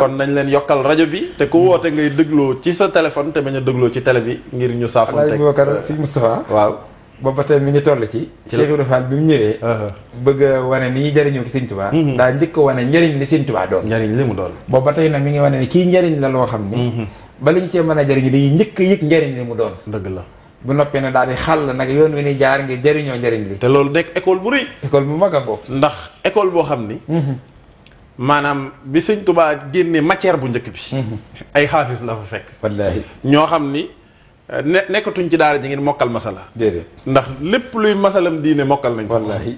kon nañ leen yokkal rajo bi te ku hmm. woote ngay dégloo ci sa téléphone te bañ a dégloo ci télé bi ngir ñu saafonteeg euh, Moustapha waaw boobu ba tey mi ngi toll ci. ci Cheikh Ibrahima Fall bi mu ñëwee. bëgg a wane ni ñuy jëriñoo ci Sëñ Tuubaa. Mhm. daa njëkk a wane njëriñ li Sëñ Tuubaa doon. njëriñ li mu doon. boobu ba tey nag ngi wane ni kii njëriñ la loo xam ni. Mhm. ba ñu cee mën a jëriñ dañuy njëkk yëg njëriñ li mu doon. dëgg la. bu noppee na daal di xàll nag yoon wi ni jaar ngir jëriñoo njëriñ li. te loolu nekk école bu rëy. école bu mag a bokk. ndax école boo xam ni. Mhm. maanaam bi Sëñ Tuubaa génnee matière bu njëkk bi. ay xaafis la fa fekk. Euh, ne nekkatuñ ci daara ji ngeen mokkal masala déedéet ndax lépp luy masalam diine mokkal nañ ko wallaahi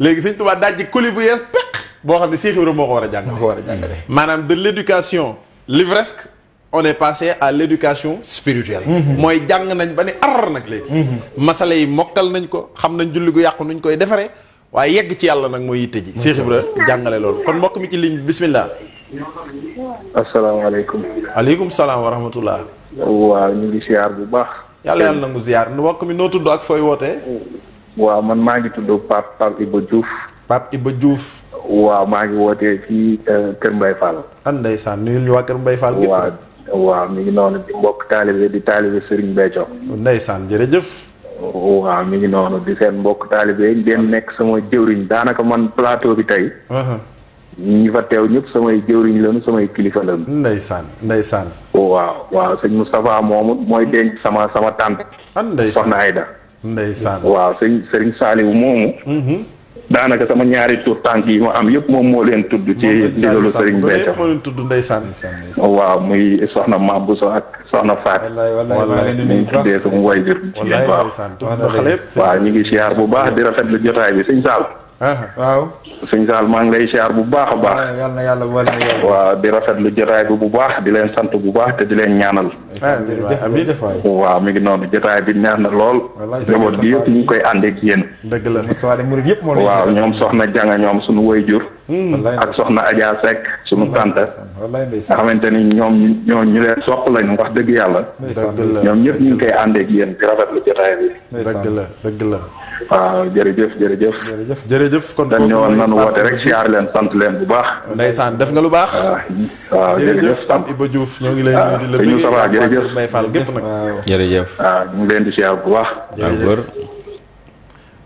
léegi sëñ Tuubaa dajji kuli bu yees peq boo xam ne Seex Ibra moo ko war a jàngale moo ko jàngale maanaam de l'éducation livresque on est passé à l'éducation spirituelle mm-hmm. mooy jàng nañ ba ni ar nag léegi mm-hmm. masala yi mokkal nañ ko xam nañ julli ku yàqu nuñ koy defaree waaye yegg ci yàlla nag mooy yitte ji Seex mm-hmm. Ibra jàngale loolu kon mbokk mi ci ligne bi bismillah asalaamaaleykum aleykum salaam wa rahmatullah waaw ñu ngi ziar bu baax. yàlla yàlla nangu ziar mbokk mi noo tudd ak fooy wootee. waaw man maa ngi tudd Pape Pape Iba Diouf. Pape Iba Diouf. waaw maa ngi wootee fii euh, Kër Mbaye Fall. an ndeysaan nuyul ñu waa Kër Mbaye Fall. gépp waaw waaw mu ngi noonu di mbokk taalibe di taalibe Serigne Béthio. ndeysaan jërëjëf. waaw mi ngi noonu di seen mbokk taalibe den nekk sama jëwriñ daanaka man plateau bi tey. ñu fa teew ñëpp samay jëwriñ lañu samay kilifa lañu. ndeysaan ndeysaan. waaw waaw sëñ Moustapha moomu mooy denc sama sama tante. an ah, ndeysaan soxna Ayda. saan waaw sëñ sëriñ Saliou moomu. Mm-hmm. daanaka sama ñaari tur tànk yi ma am yëpp moom moo leen tudd. ci ndigalu sëriñ Béthio moo leen tudd ndeysaan. waaw muy soxna Mabousso ak soxna Fatou. wallaay wallaay maa ngi leen di nuyu bu baax wallaay ñu ngi tuddee sama waajur. wallaay ndeysaan waaw ñu ngi siyaar bu baax di rafetlu jotaay bi sëñ Sall. Uh-huh. waaw sëñ Saal maa ngi lay siyaar bu baax a baax. yàlla na yàlla boole na yàlla. waaw di rafetlu jotaay bi bu baax di leen sant bu baax te di leen ñaanal. Ah, waaw mi ngi noonu jotaay bi neex na lool. njaboot gi yëpp mu ngi koy ànd ak yéen. dëgg la waaw ñoom soxna janga ñoom suñu woy jur Hmm. ak soxna Adja Seck suñu tante nga xamante ni ñoom ñoo ñu leen sopp lañu wax dëgg yàlla ñoom ñëpp ñu ngi koy àndeek yéen di rafetlu jotaay bi dëgg la dëgg la waaw jërëjëf jëf jërëjëf kon dañ ñëwoon nanu woote rek siyaar leen sant leen bu baax ndeysaan def nga lu baax waaw jërëjëf Pape Iba Diouf ñoo ngi lay nuyu di la bëgg sabaa jërëjëf may Fall gépp nag jërëjëf waaw leen di siyaar bu baax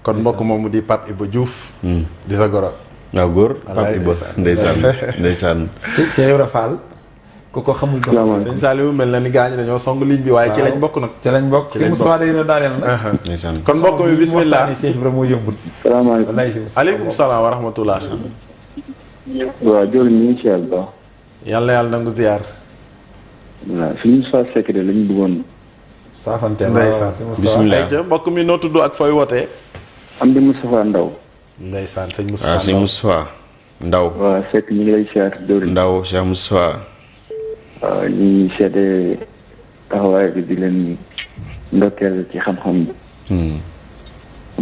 kon mbokk moomu di Pape Iba Diouf hmm. di sa goro waaw góor Pape Iba ndeysaan ndeysaan Cheikh Ibra Fall ku ko xamul do sëñ Saliou mel na ni gaañ dañoo song ligne bi waaye ci lañ bokk nag ci lañ bokk fi mu soade yi na daaneel nag ndeysaan kon moo yëmbul salaamaaleykum aleykum salaam wa rahmatullah waaw jërëjëf ñu yàlla yàlla yàlla nangu ziar waaw suñu saa sekk de lañu bëggoon saafante ndeysaan bismillah mbokk mi noo tudd ak fooy wootee am di Moustapha Ndaw ndeysaan sëñ Moustapha ah, Ndaw. waaw fekk ñu ngi lay siyaar Dóoré. Ndaw Cheikh Moustapha. waaw ñu ngi seede bi di leen ndokkeel ci xam-xam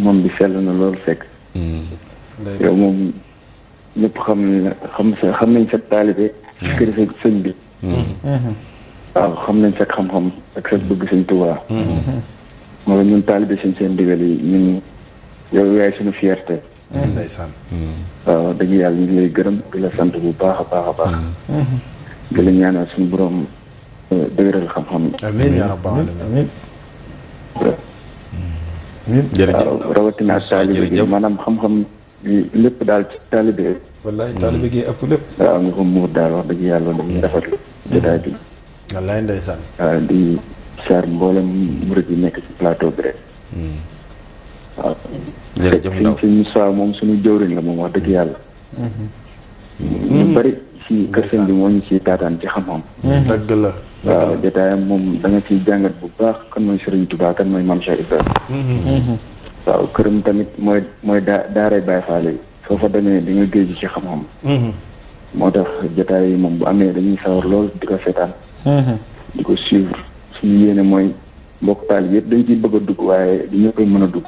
moom bi sell na lool fekk. Hmm. yow moom ñëpp xam na xam sa xam nañ sa taalibe. ci hmm. kër sëñ bi. Hmm. waaw xam nañ sa xam-xam ak sa bëgg sëñ Tuubaa. mooy ñun taalibe seen seen digal yow yaay suñu fierté. Mm-hmm. ndeysaan. Mm-hmm. waaw dëgg yàlla ñu ngi lay gërëm di la sant bu baax a baax a baax. Mm-hmm. di la ñaanal suñu borom euh, dëgëral xam-xam. amiin yaa rabbal aalamiin waaw rawatina ak taalibe gi maanaam xam-xam lépp daal ci taalibe. wallaay taalibe gi ëpp lépp. waaw nga ko muur daal wax dëgg yàlla dañuy rafetlu jotaay bi. wallaay ndeysaan. waaw di saar mboolem murid yi nekk ci plateau bi waaw. jërëjëf ndaw sëñ Moussa moom suñu jëwriñ la moom wax dëgg yàlla. Mm-hmm. ñu bari ci kër mm-hmm. sëñ bi moo ñu taataan ci xam-xam. Mm-hmm. dëgg la. waaw jotaayam moom danga nga ciy jàngat bu baax kan mooy Serigne Touba kan mooy Mame Cheikh këram tamit mooy mooy daa daaray Baye Fall yi soo fa demee di nga géej ci xam-xam. moo tax jotaay yi moom bu amee dañuy sawar lool di ko seetaan. di ko suivre suñu yéene mooy mbokk taal yëpp dañ ciy bëgg a dugg waaye du koy mën a dugg.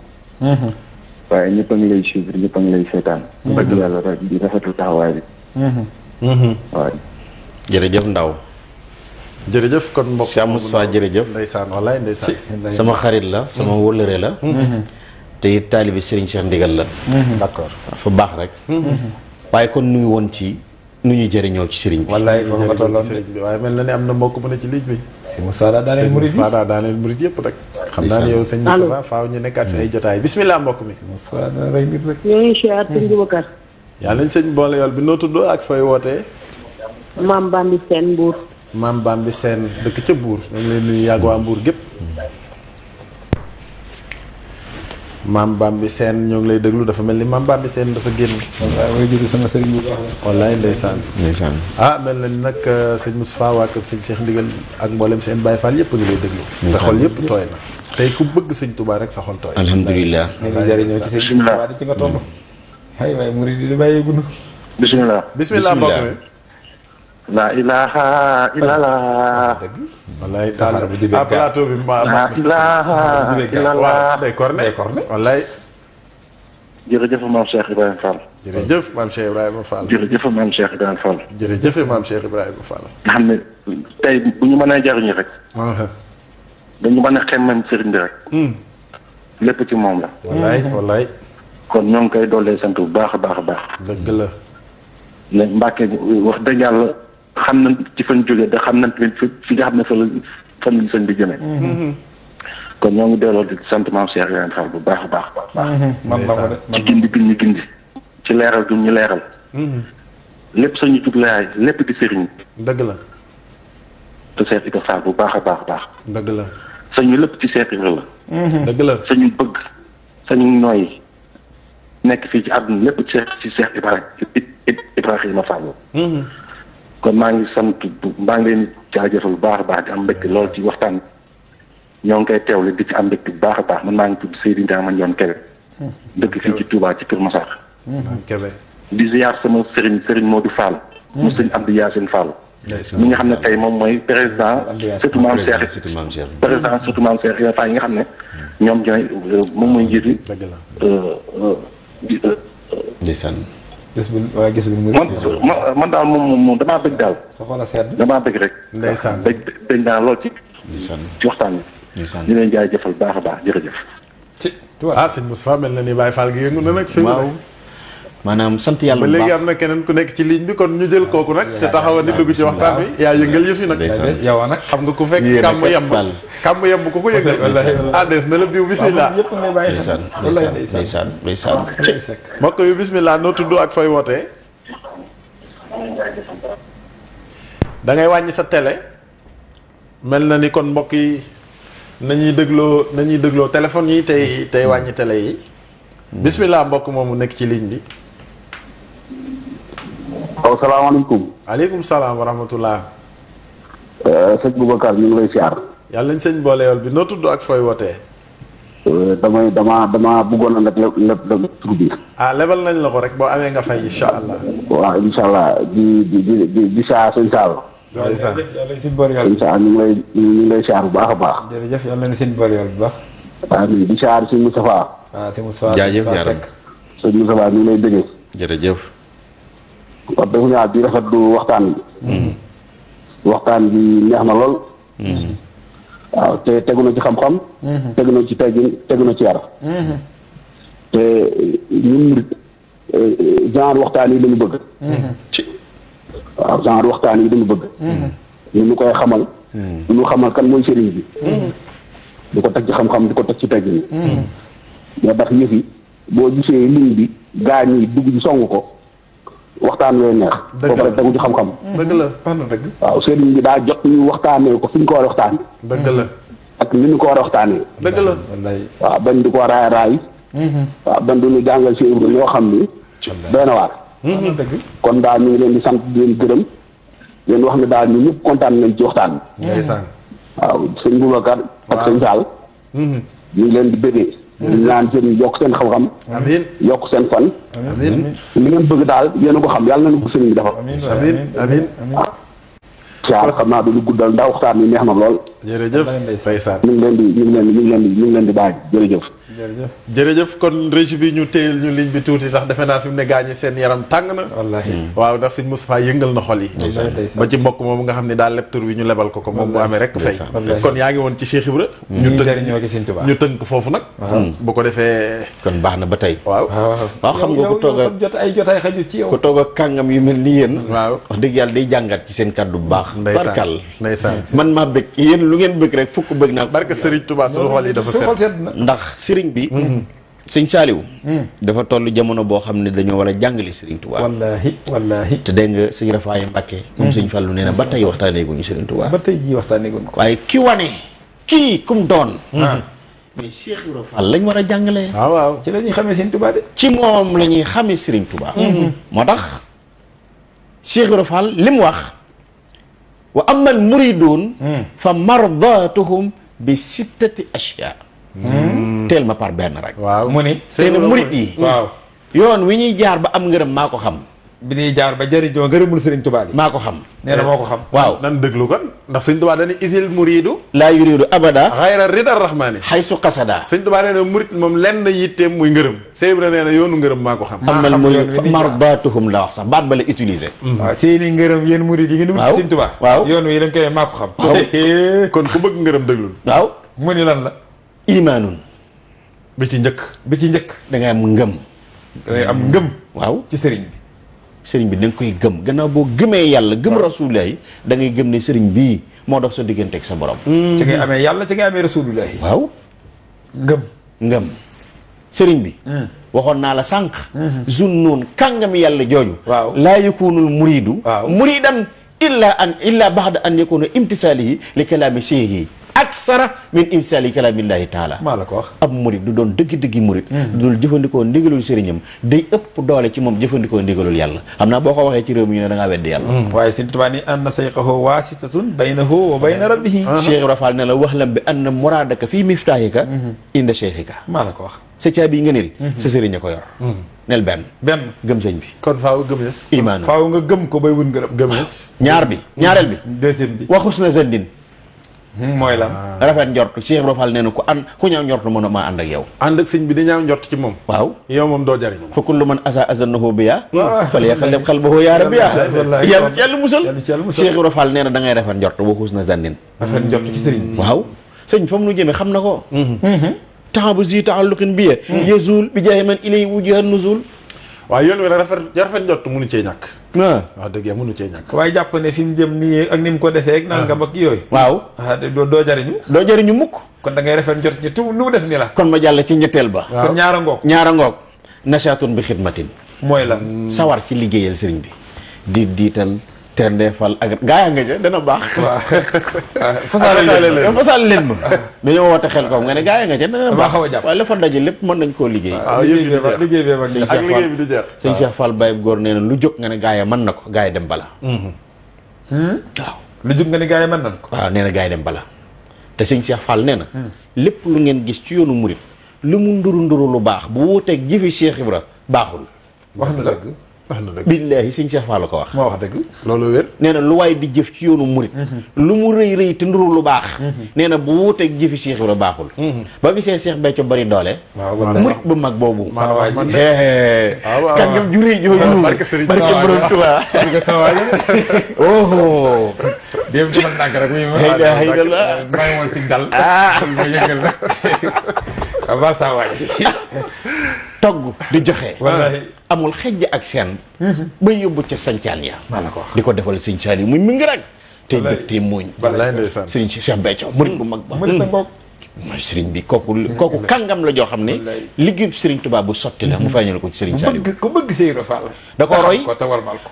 waaye ñëpp a ngi lay suivre ñëpp lay seetaan. dëgg la di rafetlu taxawaay bi. waaw. jërëjëf Ndaw. jërëjëf kon mbokk si Moussa jërëjëf. ndeysaan wallaay ndeysaan. sama xarit la sama mhm. wëllëre la. Mhm. Mhm. te it taalibi Serigne Cheikh Ndigal la. d'accord fa baax rek. waaye kon nu woon ci. nu ñuy jëriñoo ci sëriñ bi. waaye mel na ne am na mbokk bu a ci ligne bi. sëñ Moussa daa daaneel murid yi daaneel rek. xam naa ne yow sëñ Moussa faaw ñu nekkaat fi hmm. ay jotaay bismillah mbokk mi. Moussa daa rey yàlla nañ sëñ boole yool bi noo tudd ak fooy wootee. maam Bambi Sène Mbour. maam Bambi Sène dëkk ca buur ñoo ngi leen nuyu yàgg waa Mbour gépp hmm. maam mbaam bi seen ñoo ngi lay déglu dafa mel ni maam Bambi seen dafa génn. waaw waaye jël sama sëriñ bu baax la. wallaay ndeysaan. ndeysaan ah mel na ni nag euh, sëñ Moustapha waa kër sëñ Ndigal ak mboolem seen baay Fall yëpp a ngi lay déglu. ndeysaan te xol yëpp tooy na. tey ku bëgg sëñ Touba rek sa xol tooy. alhamdulilah alhamdulilah ñu ngi jëriñoo ci sëñ Touba di ci nga toog. aywa murid yi di bàyyeeguñu. la ilaha illallah. wallaay saxaar bu jubee gàll plateau bi ma ma. saxaar bu jubee gàll waaw day corne day corne wallaay. jërëjëf maam Cheikh Ibrahima Fall. jërëjëf maam Cheikh Ibrahima Fall. jërëjëf maam Cheikh Ibrahima Fall. jërëjëf ñu mënee jariñu rek. Uh-huh. dañu mën a xemmem sëriñ bi hmm. lépp ci moom kon ñoo ngi koy doolee sant bu baax a baax a baax. dëgg la. léegi wax dëgg yàlla. xam na ci fañ jógee da xam nañ tamit fi nga xam ne fa la fan la sëñ bi jëmee. Mm-hmm. kon ñoo ngi delloo di sant maam Cheikh yeneen bu baax a baax. man la ko de ci gindi gi ñu gindi ci leeral gi ñu leeral. Mm-hmm. lépp sañu jublaay lépp di sëriñ. dëgg la. te ko faal bu baax a baax baax. dëgg la sañu lépp ci seeti la. Mm-hmm. dëgg bëgg sañu nooy nekk fii ci àdduna lépp ci seeti ci Cheikh Ibrahima Ibrahima Fall. kon maa ngi sant bu maa ngi leen di jaajëfal bu baax a baax di am mbégte lool ci waxtaan ñoo ngi koy teewle di ci am mbégte bu baax a baax man maa ngi tudd Seydou Ndiaye ma Ndione Kébé. Mmh. dëkk fii ci Touba ci Kër Massar. Mmh. Mmh. di ziar sama du Serigne Modou Fall. am sëñ Abdou Yacine Fall. mi nga xam ne tey moom mooy président. surtout maam Cheikh surtout maam Cheikh. président surtout maam Cheikh yenn yi nga xam ne. ñoom ñooy euh, moom mooy njiitu. dëgg la. Euh, euh, ndeysaan. gis bu waaye gis bu mu man daal moom moom damaa bëgg daal. sa xol a sedd. damaa bëgg rek. ndeysaan bëgg bëgg naa lool ci. ndeysaan ci waxtaan bi. ndeysaan ñu leen jaay jëfal baax a baax jërëjëf. ci ah sëñ Moustapha mel na ni Baye Fall gi yëngu na nag. waaw maanaam sant yàlla bu baax léegi am na keneen ku nekk ci ligne bi kon ñu jël ah, kooku nag te taxawal ni dugg ci waxtaan bi yaa yëngal yëf yi nag eh, yow nag xam nga ku fekk kàmm yemb kàmm yemb ku ko yëngal ades ah, na la biw bismillah ndeysaan ndeysaan ndeysaan mbokk yu bismillah noo tudd ak fooy wootee da ngay wàññi sa télé mel na ni kon mbokk yi nañuy dégloo nañuy dégloo téléphone yi tey tey wàññi télé yi hmm. bismillah mbokk nekk ci ligne bi waaw salaamaaleykum. aleykum salaam wa rahmatulah. Eh, sëñ Boubacar ñu ngi lay siyaar. yàlla nañ sëñ boolewal bi noo tudd ak fooy wootee. Eh, damay dama dama bëggoon a leb leb leb tur bi. ah lebal nañ la ko rek boo amee nga fay incha allah. waaw incha allah di di di di di saa lay ñu lay bu baax a baax. jërëjëf yàlla nañ sëñ bu baax. amiin di siyaar sëñ Moustapha. waaw ah, sëñ Moustapha jaajëf sëñ Moustapha ñu ngi lay déggee. jërëjëf. wax dëgg yàlla di rafetlu waxtaan bi. waxtaan bi neex na lool. waaw te tegu na ci xam-xam. tegu na ci teggin tegu na ci yar. te ñun murit eh, genre waxtaan yi dañu bëgg. waaw genre waxtaan yi dañu bëgg. ñu ñu koy xamal. ñu xamal kan mooy sëriñ bi. di ko teg ci xam-xam di ko teg ci teggin. Mm-hmm. moo tax yëf boo gisee ligne bi gaañ yi dugg ji song ko. waxtaan yooyu neex. dëgg la tegu ci xam-xam. dëgg la dëgg. waaw sëriñ bi daal jot ñu waxtaanee ko fi ñu ko war a waxtaanee. dëgg la. ak ni ko war a waxtaanee. la waaw bañ di mhm. jàngal si Ibra loo xam ni. doy na waar. Mhm. kon daal ñu ngi leen di sant di leen gërëm. leen wax ne daal ñu ñëpp kontaan nañ ci waxtaan bi. Mhm. ndeysaan. waaw sëñ Boubacar. ak sëñ Sall. ñu ngi leen di bëggee. naan ñaan seen yokk seen xam-xam. yokk seen fan. amiin li ngeen bëgg daal yéen a ko xam yàlla nañu ko sëriñ bi defal. amiin amiin amiin xam naa du lu guddal ndax waxtaan bi neex na lool. jërëjëf ndeysaan ñu ngi leen di ñu ngi leen di ñu leen di ñu ngi leen jërëjëf jërëjëf kon régi bi ñu téyel ñu ligne bi tuuti ndax defe naa fi ne gaañi seen yaram tàng na wallaahi hmm. waaw ndax sëñ Moustapha yëngal na xol yi ba ci mbokk moom nga xam ne daal leptur bi ñu lebal ko ko moom bu amee rek fay kon yaa ngi woon ci Cheikh Ibra hmm. ñu tënk foofu nag hmm. bu ko defee kon baax na ba tey waaw waaw xam nga ku toog jot ay jotaay kàngam yu mel ni yéen waaw wax dëgg yàlla day jàngat ci seen kàddu bu baax barkal ndeysaan man maa bëgg yéen lu ngeen bëgg rek fukk bëgg naa sëriñ bi. sëñ Saaliw. dafa toll jamono boo xam ne dañoo war a jàngale sëriñ Tuubaa. wallaahi wallaahi. te dégg nga sëñ Rafaaye Mbàkke. moom mm-hmm. sëñ Fallu nee na ba tey waxtaanee guñu sëriñ Tuubaa. ba tey jii waxtaanee guñu ko. waaye ki wane. kii kum doon. Mm-hmm. Ah. mais Cheikh Ibra Fall lañ war a jàngalee. waaw ah, waaw ci la ñuy xamee sëriñ Tuubaa de. ci moom la mm-hmm. moo tax Cheikh Ibra Fall li wax. wa amal muriduun mm. fa mardatuhum bi sittati ashyaa Hmm. teel ma par benn rek. waaw mu ni teel murit yi waaw yoon wi ñuy jaar ba am ngërëm maa ko xam. bi ñuy jaar ba jëriñoo ngërëmul Serigne Touba yi maa ko xam na moo ko xam waaw nan déglu kon ndax Serigne Touba dañu isil muridu laa yuridu abada xayra rida rahmaani xaysu qasada Serigne Touba nee na murit moom lenn yitteem muy ngërëm Seybra nee na yoonu ngërëm maa ko xam amal murid marbatuhum la wax sax baat ba la utiliser hmm. waaw seeni ngërëm yéen murid yi ngeen wut Serigne Touba waaw yoon wi dañ koy maa ko xam kon ku bëgg ngërëm déglul waaw mu ni lan la imaanun bi ci njëkk bi ci njëkk da am ngëm da am ngëm waaw ci sëriñ bi sëriñ bi da koy gëm gannaaw boo gëmee yàlla gëm rasulilahi da gëm ne sëriñ bii moo dox sa digganteek sa borom mm. ci ngay amee yàlla ci ngay amee rasulilahi waaw ngëm ngëm sëriñ bi mm. waxoon naa la sànq mm-hmm. zunnoon kàngam yàlla jooju waaw laa yakunul muridu muridan illa an illa baxda an yakuna imtisaalihi li kalaami cheikh yi aksara min imsali kalaamillaahi taala maa la ko wax ab murit du doon dëggi-dëggi murit hmm. du dul jëfandikoo ndigalul sëriñam day ëpp doole ci moom jëfandikoo ndigalul yàlla xam naa boo ko waxee ci réew mi ñu ne da ngaa weddi yàlla hmm. waaye Sëriñ Tuubaa ni anna sayqahu waasitatun baynahu wa bayna rabbihi hmm. la wax lam bi anna muraadaka fii miftaahika inda cheikhika maa la ko wax sa caabi nga neel sa sëriñ a ko yor neel benn benn gëm sëñ bi kon faaw gëmees imaan faaw nga gëm ko bay wut ngërëm gëmees ñaar bi ñaareel bi deuxième bi waxus na zandin Hmm, mooy lan ah. rafet njortu Cheikh ku ànd ku ñaaw njortu mën a maa ànd ak yow ànd ak sëñ bi di ñaaw njort ci moom waaw yow moom doo jariñ fa kullu man asa azannahu bi yaa yaa rabbi yaa yàlla yàlla musal Cheikh Ibra Fall nee da ngay rafet njort boo na zannin rafet njort ci sëriñ waaw sëñ fa mu nu jëmee xam na ko mm-hmm. Mm-hmm. temps bu zi taalluqin bi yee mm-hmm. yazul bi jaaye man ilay wujuhan nuzul waaw yoon wi rafet rafet njot munu cee ñàkk waaw dëgg munu cee ñàkk waaye jàpp ne fi mu jëm nii ak ni mu ko defee ah. nangam ak yooyu waaw ah, doo jariñu doo jariñu mukk kon da ngay rafet njott ñi tu lu mu def nii la kon ma jàll ci ñetteel ba kon ñaara ngoog ñaara ngoog nasaatun bi xidmatin mooy la sawar ci liggéeyal sëriñ bi di diital tendeefal ak gaa yaa nga ja dana baax. waaw fasaale leen ma dañoo woote xel kaw nga ne gaa yaa nga ja dana baax waaye la fa daje lépp mën nañ koo liggéey. waaw liggéey bi ak liggéey bi du nee na lu jóg nga ne gaa ya mën na ko gaa yi dem bala. Mhm. Hmm? lu jóg nga ne gaa yi na ko. waaw nee na gaa dem bala te sëñ Cheikh Fall nee na. Hmm. lépp lu ngeen gis ci yoonu murit lu mu nduru nduru lu baax bu wuuteeg jëfi Cheikh Ibra baaxul. wax na dëgg billaahi sëñ Cheikh Fall la ko wax. moo wax dëgg loolu wér. nee na lu waay di jëf ci yoonu murit. Mhm. lu mu rëy rëy te nduru lu baax. Mhm. nee na bu wuuteeg jëfi Cheikh Ibra baaxul. Mhm. ba gisee Cheikh Béthio bari doole. murit bu mag boobu. saa waay man ah, kàngam ju rëy jooju. barke Serigne Barke Borom Touba. oh. démb dama nàkk rek muy ma. xëy na xëy na bàyyi woon ci dal. ah ma yëngal nag. avant saa waay. togg di joxe. amul xejj ak seen mhm. ba yóbbu ca sancaan ya di ko defal sëñ Saaliw muy mi ngi rek tey bëgg tey mooñ sëriñ si Cheikh Béthio bu mag ba mm. mooy sëriñ bi kooku kooku kàngam la joo xam ne liggéeyu sëriñ Tuubaa bu sotti la mu fàññal ko ci sëriñ Saaliw ku bëgg sëy Faal da ko roy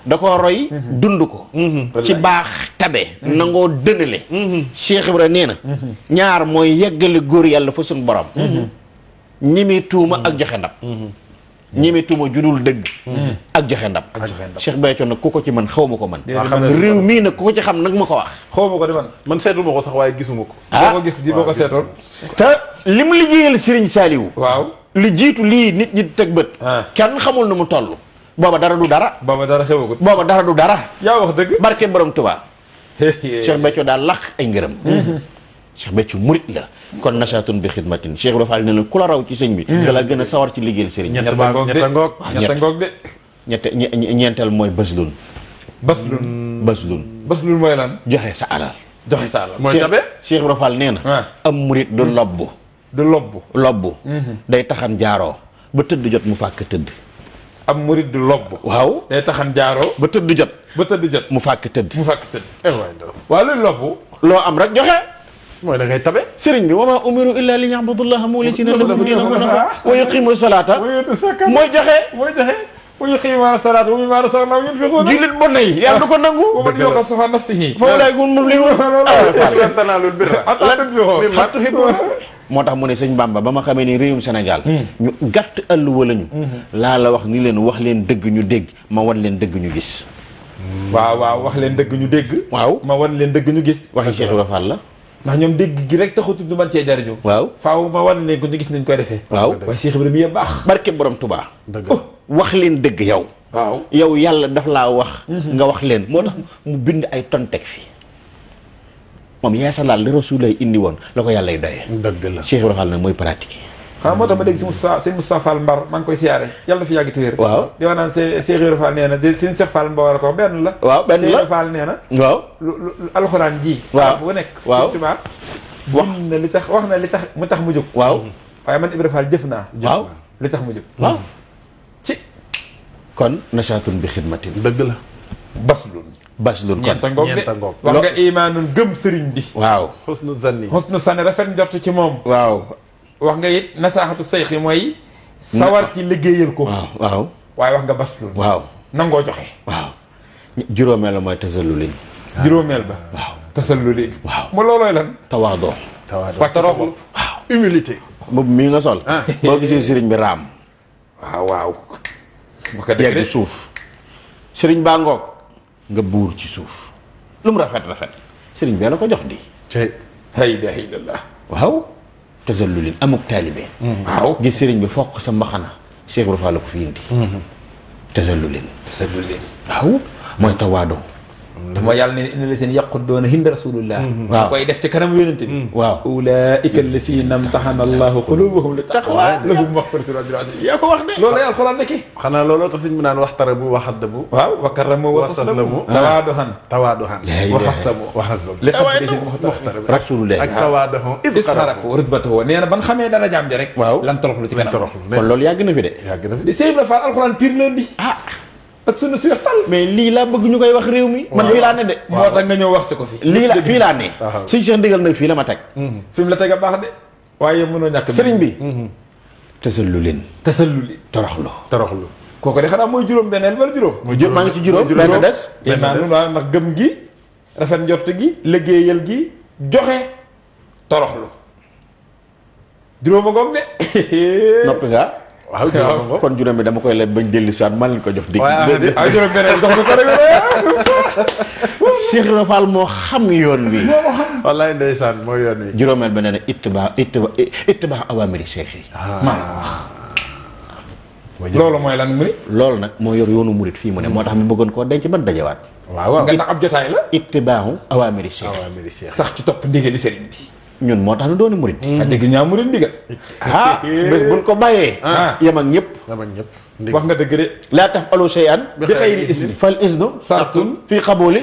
da ko roy dund ko mhm. ci baax tabe mhm. nangoo dënale Cheikh Ibra nee na ñaar mooy yeggale góor yàlla fa suñ borom ñimi tuuma ak joxe ndab ñemetuma judul dëgg ak joxe ndam Cheikh Béthio nag ku ko ci man xaw ma ko man réew mii nag ku ko ci xam nag ma ko wax xaw ma ko de man man seetlu ko sax waaye gisuma ko ah. boo ko gis di boo ko seetoon te li mu liggéeyal Serigne Saliou waaw li jiitu lii nit ñi teg bët ah. kenn xamul na mu toll booba dara du dara booba dara ko xewagut booba dara du dara yaa wax dëgg barke borom Tuubaa Cheikh Béthio daal lax ay ngërëm mm-hmm. Cheikh Béthio murit da la gën a sawar ci liggéeyal sëriñ ñetta ngoog ah, ñetta ngoog de ñette ñeenteel mm, mooy lan joxe sa alal joxe sa alal mooy tabe Cheikh Ibra Fall nee na ah. am murit du lobbu du lobbu lobbu mm-hmm. day taxan jaaroo ba tëdd jot mu fàkk tëdd am murit du lobb waaw day taxan jaaroo ba tëdd jot ba tëdd jot mu fàkk tëdd mu fàkk tëdd eh, loo am rek joxe mooy da ngay tabe sëriñ bi wa maa umiru illaa li ya'budullaha muxlisina lahu diina wa yuqimu salaata mooy joxe mooy joxe wa yuqimu salaata wa mimmaa razaqnaahum yunfiquun jullit bon na yi yàlla du ko nangu wa man yuuqa suhha nafsihi fa ulaa'ika humul moo tax mu ne sëñ Bamba ba ma xamee ni réewum Sénégal hmm. ñu gàtt àlluwa lañu hmm. laa la wax ni leen wax leen dëgg ñu dégg ma wan leen dëgg ñu gis hmm. waaw waaw wax leen dëgg ñu dégg waaw ma wan leen dëgg ñu gis waxi Cheikh Ibra la ndax ñoom dégg gi rek taxutul ñu mën cee jariñu waaw faaw ma wan leen ko ñu gis nañ koy defee waaw waaye Cheikh Ibrahima yëpp baax barke borom tubaa dëgg oh, wax leen dëgg yow waaw yow yàlla daf laa wax mhm. nga wax leen moo tax mu bind ay tontek fii moom yeesalaat li rasul lay indi woon la ko yàlla doyee dëgg la Cheikh Ibrahima Fall nag mooy pratique xam moo tax ma dégg si Moussa si Moussa Fall Mbar maa ngi koy siyaare yàlla fi yàgg téwér waaw di wax naan see Cheikh Ibra Fall nee na de seen Cheikh Fall Mbar ko benn la waaw benn la lu alxuraan ji waaw wax na li tax wax tax mu tax jóg waaw waaye man naa mm. la baslun baslun kon ñeenta ngoog ñeenta ngoog wax nga imaanun gëm sëriñ bi waaw xusnu zanni xusnu zanni rafet njort ci moom waaw wax ngay it nasaaxatu sayx mooy. sawar ci liggéeyal ko. waaw waaw. waaye wax nga baslul. waaw nangoo joxe. waaw juróomeel la mooy tasallulin. juróomeel ba. waaw waaw mu loolooy lan. tawaadoo. tawaadoo humilité. boobu mii nga sol. Ah. boo gisee sëriñ bi raam. waaw waaw. bu ko defee yegg suuf. sëriñ baa ngoog. nga buur ci suuf. lu mu rafet rafet. sëriñ bee la ko jox di. waaw. tasallulin amuk taalibe. waaw gis sëriñ bi fokk sa mbaxana. Cheikh Ibra Fall la ko fi indi. Mhm. tasallulin. tasallulin waaw mooy tawaado. mooy yàlla ne inna la seen yaqut doona hinda rasulullah mm-hmm. waaw koy def ci kanam yonent bi mm-hmm. waaw ulaika allasina amtahana allahu qulubahum li taqwa lahum maghfiratun ajrun azim yaa ko wax de loolu la alxuraan nekki xanaa looloo tax suñ bi naan waxtarabu waxaddabu waaw wakaramu wasaslamu tawaadohan ah. tawaadohan waxasamu waxasamu li xaddisin muxtarab rasulullah ak tawaadohan isxarafu rutbatahu nee na ban xamee dara jaam ji rek waaw lan toroxlu ci kanam kon loolu yàgg na fi de yàgg na fi de Seydou Fall alxuraan pire leen di ah ak suñu suy tal mais lii laa bëgg ñu koy wax réew mi. man fii laa ne de. moo tax nga ñëw wax si ko fi. lii la fii laa ne. waaw suñu Cheikh nag fii la ma teg. Mhm. fi mu la teg a baax de. waaye mënoo ñàkk sëriñ bi. Mhm. tasallu lu tasallu leen toroxlu. toroxlu kooku de xanaa mooy juróom benneel wala juróom. mooy juróom maa ngi ci juróom benn des. benn des waaw ndax gëm gi rafet njort gi liggéeyal gi joxe toroxlu juróoma ngoog de. noppi nga waaw kon juróom bi dama koy leb bañ dellu si man maa ko jox. digg waaw ah, juróom beneen jox moo xam yoon wi. moo xam wallaay ndeysaan mooy yoon wi. juróomeel ba nee na ittibaa ittibaa ittibaa awaamiri seex yi. Ah. maa ah. loolu mooy lan murit loolu nag moo yor yoonu murit fii mu ne moo tax mu bëggoon koo denc ban dajawaat. waaw nga tax ab jotaay la. ittibaahu awaamiri awaamiri seex sax ci topp ndigali sëriñ bi. ñun moo tax na doon murit. a mm-hmm. dégg ñaa murit ndiga. ah bés buñ ko bàyyee. Ah. yem ak ñëpp. yem ak ñëpp wax nga dëgg laa taf alu shay'an bi xayri ismi fa isnu. sartun fii xabuli.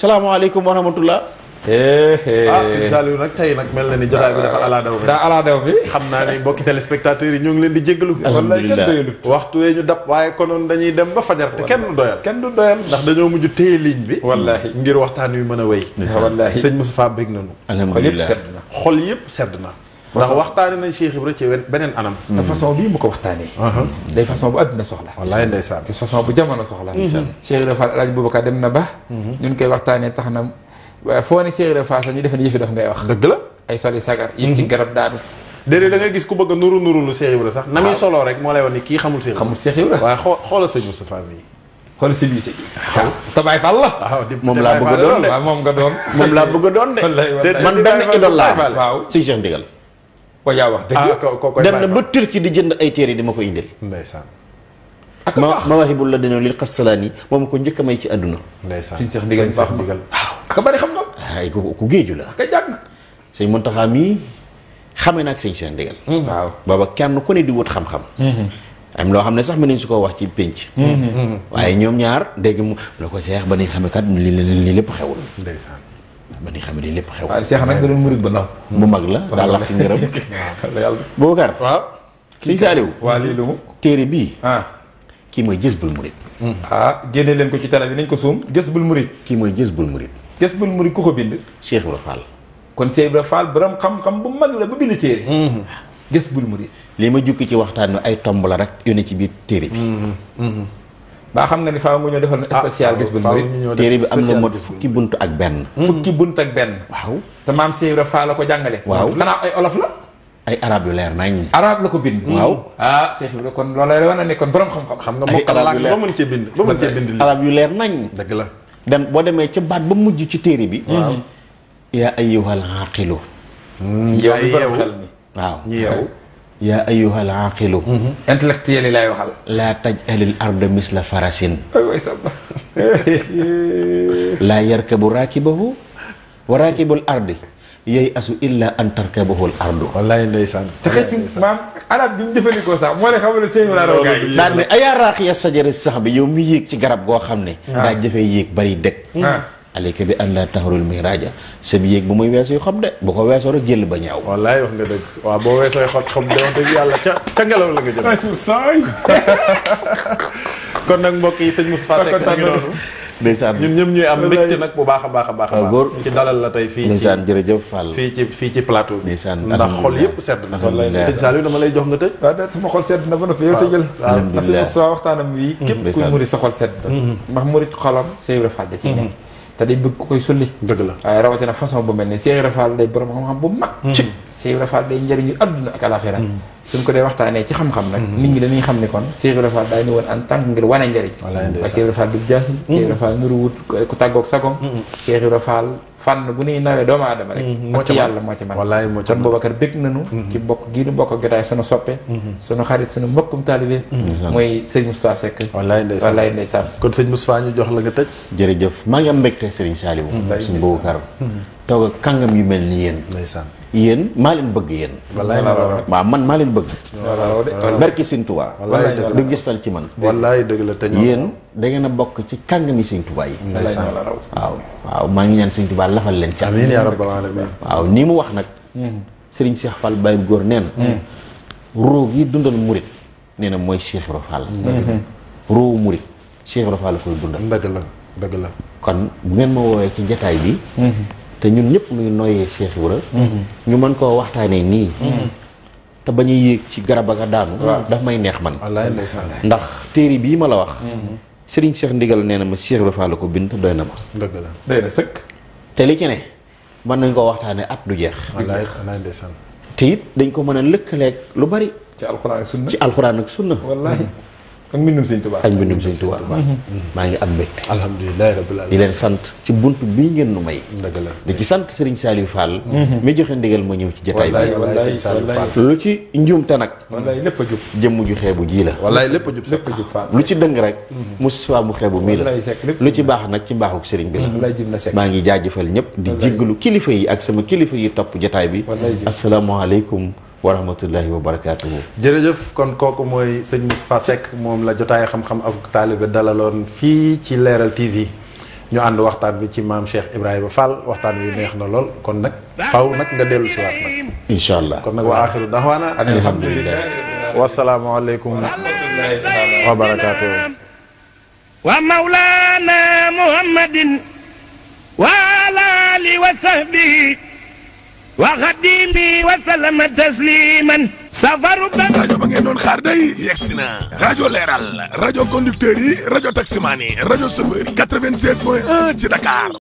salaamaaleykum wa rahmatullah ah sëñ Saliou nag tey nag mel na ni jotaay bi dafa ala daw bi daa ala bi xam naa ni mbokki téléspectateurs yi ñoo ngi leen di jéggalu wallaay kenn doyalu waxtu wee ñu dab waaye konoon dañuy dem ba fajar te kenn du doyal kenn du doyal ndax dañoo mujj téye ligne bi wallaahi ngir waxtaan wi mën a wéy wallaahi sëñ Moustapha bég nanu xol yëpp sedd na xol yëpp sedd na ndax waxtaane nañ Cheikh Ibra ci beneen anam hmm. façon bii mu ko waxtaanee uh-huh. day façon bu àdduna soxla wallaay ndeysaan façon bu jamono soxla Cheikh Ibra Fall Alaaji Boubacar dem na ba uh-huh. ñun koy waxtaanee tax na waaye foo ne Cheikh Ibra Fall ñu defe ne yëfi dof ngay wax. dëgg la ay soli sagar. Mhm. yëpp ci garab daanu. déedéet da ngay gis ku bëgg nuru nuru lu Cheikh Ibra sax. na muy soloo rek moo lay wan ni kii xamul Cheikh Ibra. xamul Cheikh xoo xoolal sëñ Moustapha bi. xoolal si biir si. waaw tabaay Fall la. Ah, moom laa bëgg a doon moom nga doon. moom laa bëgg a doon de. wallaay man benn idole laa waaw si Cheikh Ndigal. waaw yaa wax dëgg. Ah, dem na ba Turquie di jënd ay téere di ma ko indil. ndeysaan ak ma Mawahibul Ladina lil Qassalaani moom ko njëkk a may ci àdduna. ndeysaan suñu seex ndigal baax ndigal waaw a bari xam nga. ay ku ku géeju la. ka jàng. sëñ Muntaxa mii na ak sëñ seex ndigal. Hmm. waaw booba kenn ku ne di wut xam hmm. loo xam ne sax mën nañ su ko wax ci pénc. Hmm. waaye ñoom ñaar dégg mu la ko seex ba ni xamee kat li li lépp xewul. ndeysaan ba ni xamee li lépp xewul. waaye seex nag da ba la daal la ci ngërëm. waaw yàlla Boubacar. waaw sëñ Saaliw. waa lii lu mu téere bii. Ah. kii mooy jës bul murit mm-hmm. ah génne leen ko ci télé bi nañ ko suum jës bul murit kii mooy jës bul murit jës bul murit ku ko bind Cheikh Ibra Fall kon Cheikh Ibra Fall borom xam-xam bu mag la ba bind téere mm-hmm. ah, jës bul murit lii ma jukki ci waxtaan wi ay tomb la rek yónne ci biir téere bi mm-hmm. baa xam nga ni faaw nga ñoo defal na ah, spécial gis bul murit téere bi am na mot fukki bunt ak benn fukki bunt ak benn waaw te maam Cheikh Ibra ko jàngale waaw xanaa ay olof la ay arab yu leer nañ. arab la ko bind. Mm. waaw ah kon loolay la wane ne xam-xam. xam nga mokkal làkk ba mën cee bind ba mën cee bind lii arab yu leer nañ. dëgg la dem boo demee ca baat ba mujj ci téere bi. waaw mm-hmm. yaa ayyuhal aaqilu. Mm, yow laay mm-hmm. waxal. laa taj alil arda misla farasin. aywa samba. raakibahu wa raakibul ardi. yey asu illa an tarkabahu al ardu wallaay ndeysaan te xeeti maam arab bi mu jëfandikoo sax moo lay xamal sëñ bi laa doon gars yi sajari sax bi yow mi yéeg ci garab goo xam ne ah. daa jëfee yéeg bari dëkk ah. aleyka bi an la taxarul miraja sa bi yéeg bu muy weesu xam de bu ko weesoo rek jël ba ñaaw wallaay wax nga dëgg waaw boo weesooy xot xam de wax dëgg yàlla ca ca ngelaw la nga jël ah, kon nag mbokk yi sëñ Moustapha Seck ngi noonu ndeysaan ñun ñëpp ñuy am mbégte nag bu baax a baax a baax a góor ci dalal la tey fii ndeysaan jërëjëf Fall fii ci fii ci plateau bi ndeysaan ndax xol yëpp sedd na sëñ Saliou dama lay jox nga tëj waaw sama xol sedd na ba noppi yow tëjal waaw sa waxtaanam wi mm-hmm. képp kuy murit sa xol sedd na mm-hmm. ndax murit xolam Seydou Fall da ciy nekk mm-hmm. te day bëgg ko koy sulli dëgg la waaye rawatina façon bu mel ni Seydou Fall day borom xam-xam bu mag ci Seydou Fall day njëriñu àdduna ak alaxira suñ ko dee waxtaanee ci xam-xam nag mhm. nit ñi dañuy xam ni kon Cheikh Ibrahima Fall daa ni woon en tant que ngir wane njëriñ Cheikh Ibrahima Fall du jaasi mhm. Cheikh nuru wut ku tàggoog sagom mhm. Cheikh Ibrahima fànn bu nuy nawee doomu aadama rek ak ci yàlla moo ci man kon Boubacar bég nañu ci bokk gii nu bokk ak jotaay sunu soppe sunu xarit sunu mbokkum taalibe mooy sëriñ Moustapha Seck wallaay ndeysaan wallaay ndeysaan kon sëriñ Moustapha ñu jox la nga tëj jërëjëf maa ngi am mbégte sëriñ Saliou suñu Boubacar toog ak kàngam yu mel ni yéen. ndeysaan yéen maa leen bëgg yéen. wallaay waaw man maa leen bëgg. wallaay barki Sëñ Tuubaa. wallaay dëgg la ci man. wallaay dëgg la te yéen da a bokk ci kàngam yi Sëñ Tuubaa yi. ndeysaan waaw waaw maa ngi ñaan Sëñ Tuubaa lafal leen ci. amiin yaa rabbal nii mu wax nag. Mm. Serigne seex Fall Baye Góor nee na. Mm. roog yi dundal murit nee mooy Cheikh Ibra Fall. Mm-hmm. roowu murit Cheikh Ibra la koy dundal. la kon bu ngeen ma woowee ci jataay bi mm-hmm. te ñun ñëpp muy noyyee Cheikh Ibra mhm. ñu man koo waxtaanee nii mhm. te ba ñu yéeg ci garab ak daanu daf may neex man ndax téere bii ma la wax mhm. Serigne Cheikh Ndigal nee na ma Cheikh Ibra la ko bind doy na ma dëgg la sëkk te li ci ne mën nañ koo waxtaanee at du jeex te it dañ ko mën a lëkkaleeg lu bari ci alxuraan ak sunna ci alxuraan ak sunna wallaahi ak mbindum sëñ Tuubaa ak mbindum sëñ Tuubaa maa ngi am mbégte alhamdulilah rabbil alamin di leen sant ci bunt bii ngeen nu may dëgg la di ci sant Serigne Saliou Fall mhm. mi joxe ndigal ma ñëw ci jotaay bi lu ci njuumte nag wallaay lépp a jub jëmm ju xeebu jii la wallaay lépp a jub a lu ci dëng rek Moustapha mhm. mu xeebu mii la lu ci baax nag ci mbaaxuk Serigne bi la maa ngi jaajëfal ñëpp di jéggalu kilifa yi ak sama kilifa yi topp jataay bi asalaamaaleykum wa rahmatullahi wa barakaatuhu. jërëjëf kon kooku mooy sëñ Moustapha Seck moom la jotaay xam-xam ak taalibe dalaloon fii ci Leeral TV ñu ànd waxtaan bi ci maam Cheikh Ibrahima Fall waxtaan wi neex na lool kon nag faw nag nga dellu si waat nag. incha allah kon nag wa axiru daxwaana. alhamdulilah wasalaamualeykum. wa barakaatuhu. wa mawlaana muhammadin wa ali wa sahbihi wa xadimi wa salama tasliman safaru ba rajo ba ngeen doon xaar day yegsi na rajo leeral rajo conducteur yi rajo taximaan yi rajo chauffeur 96 point 1 ci Dakar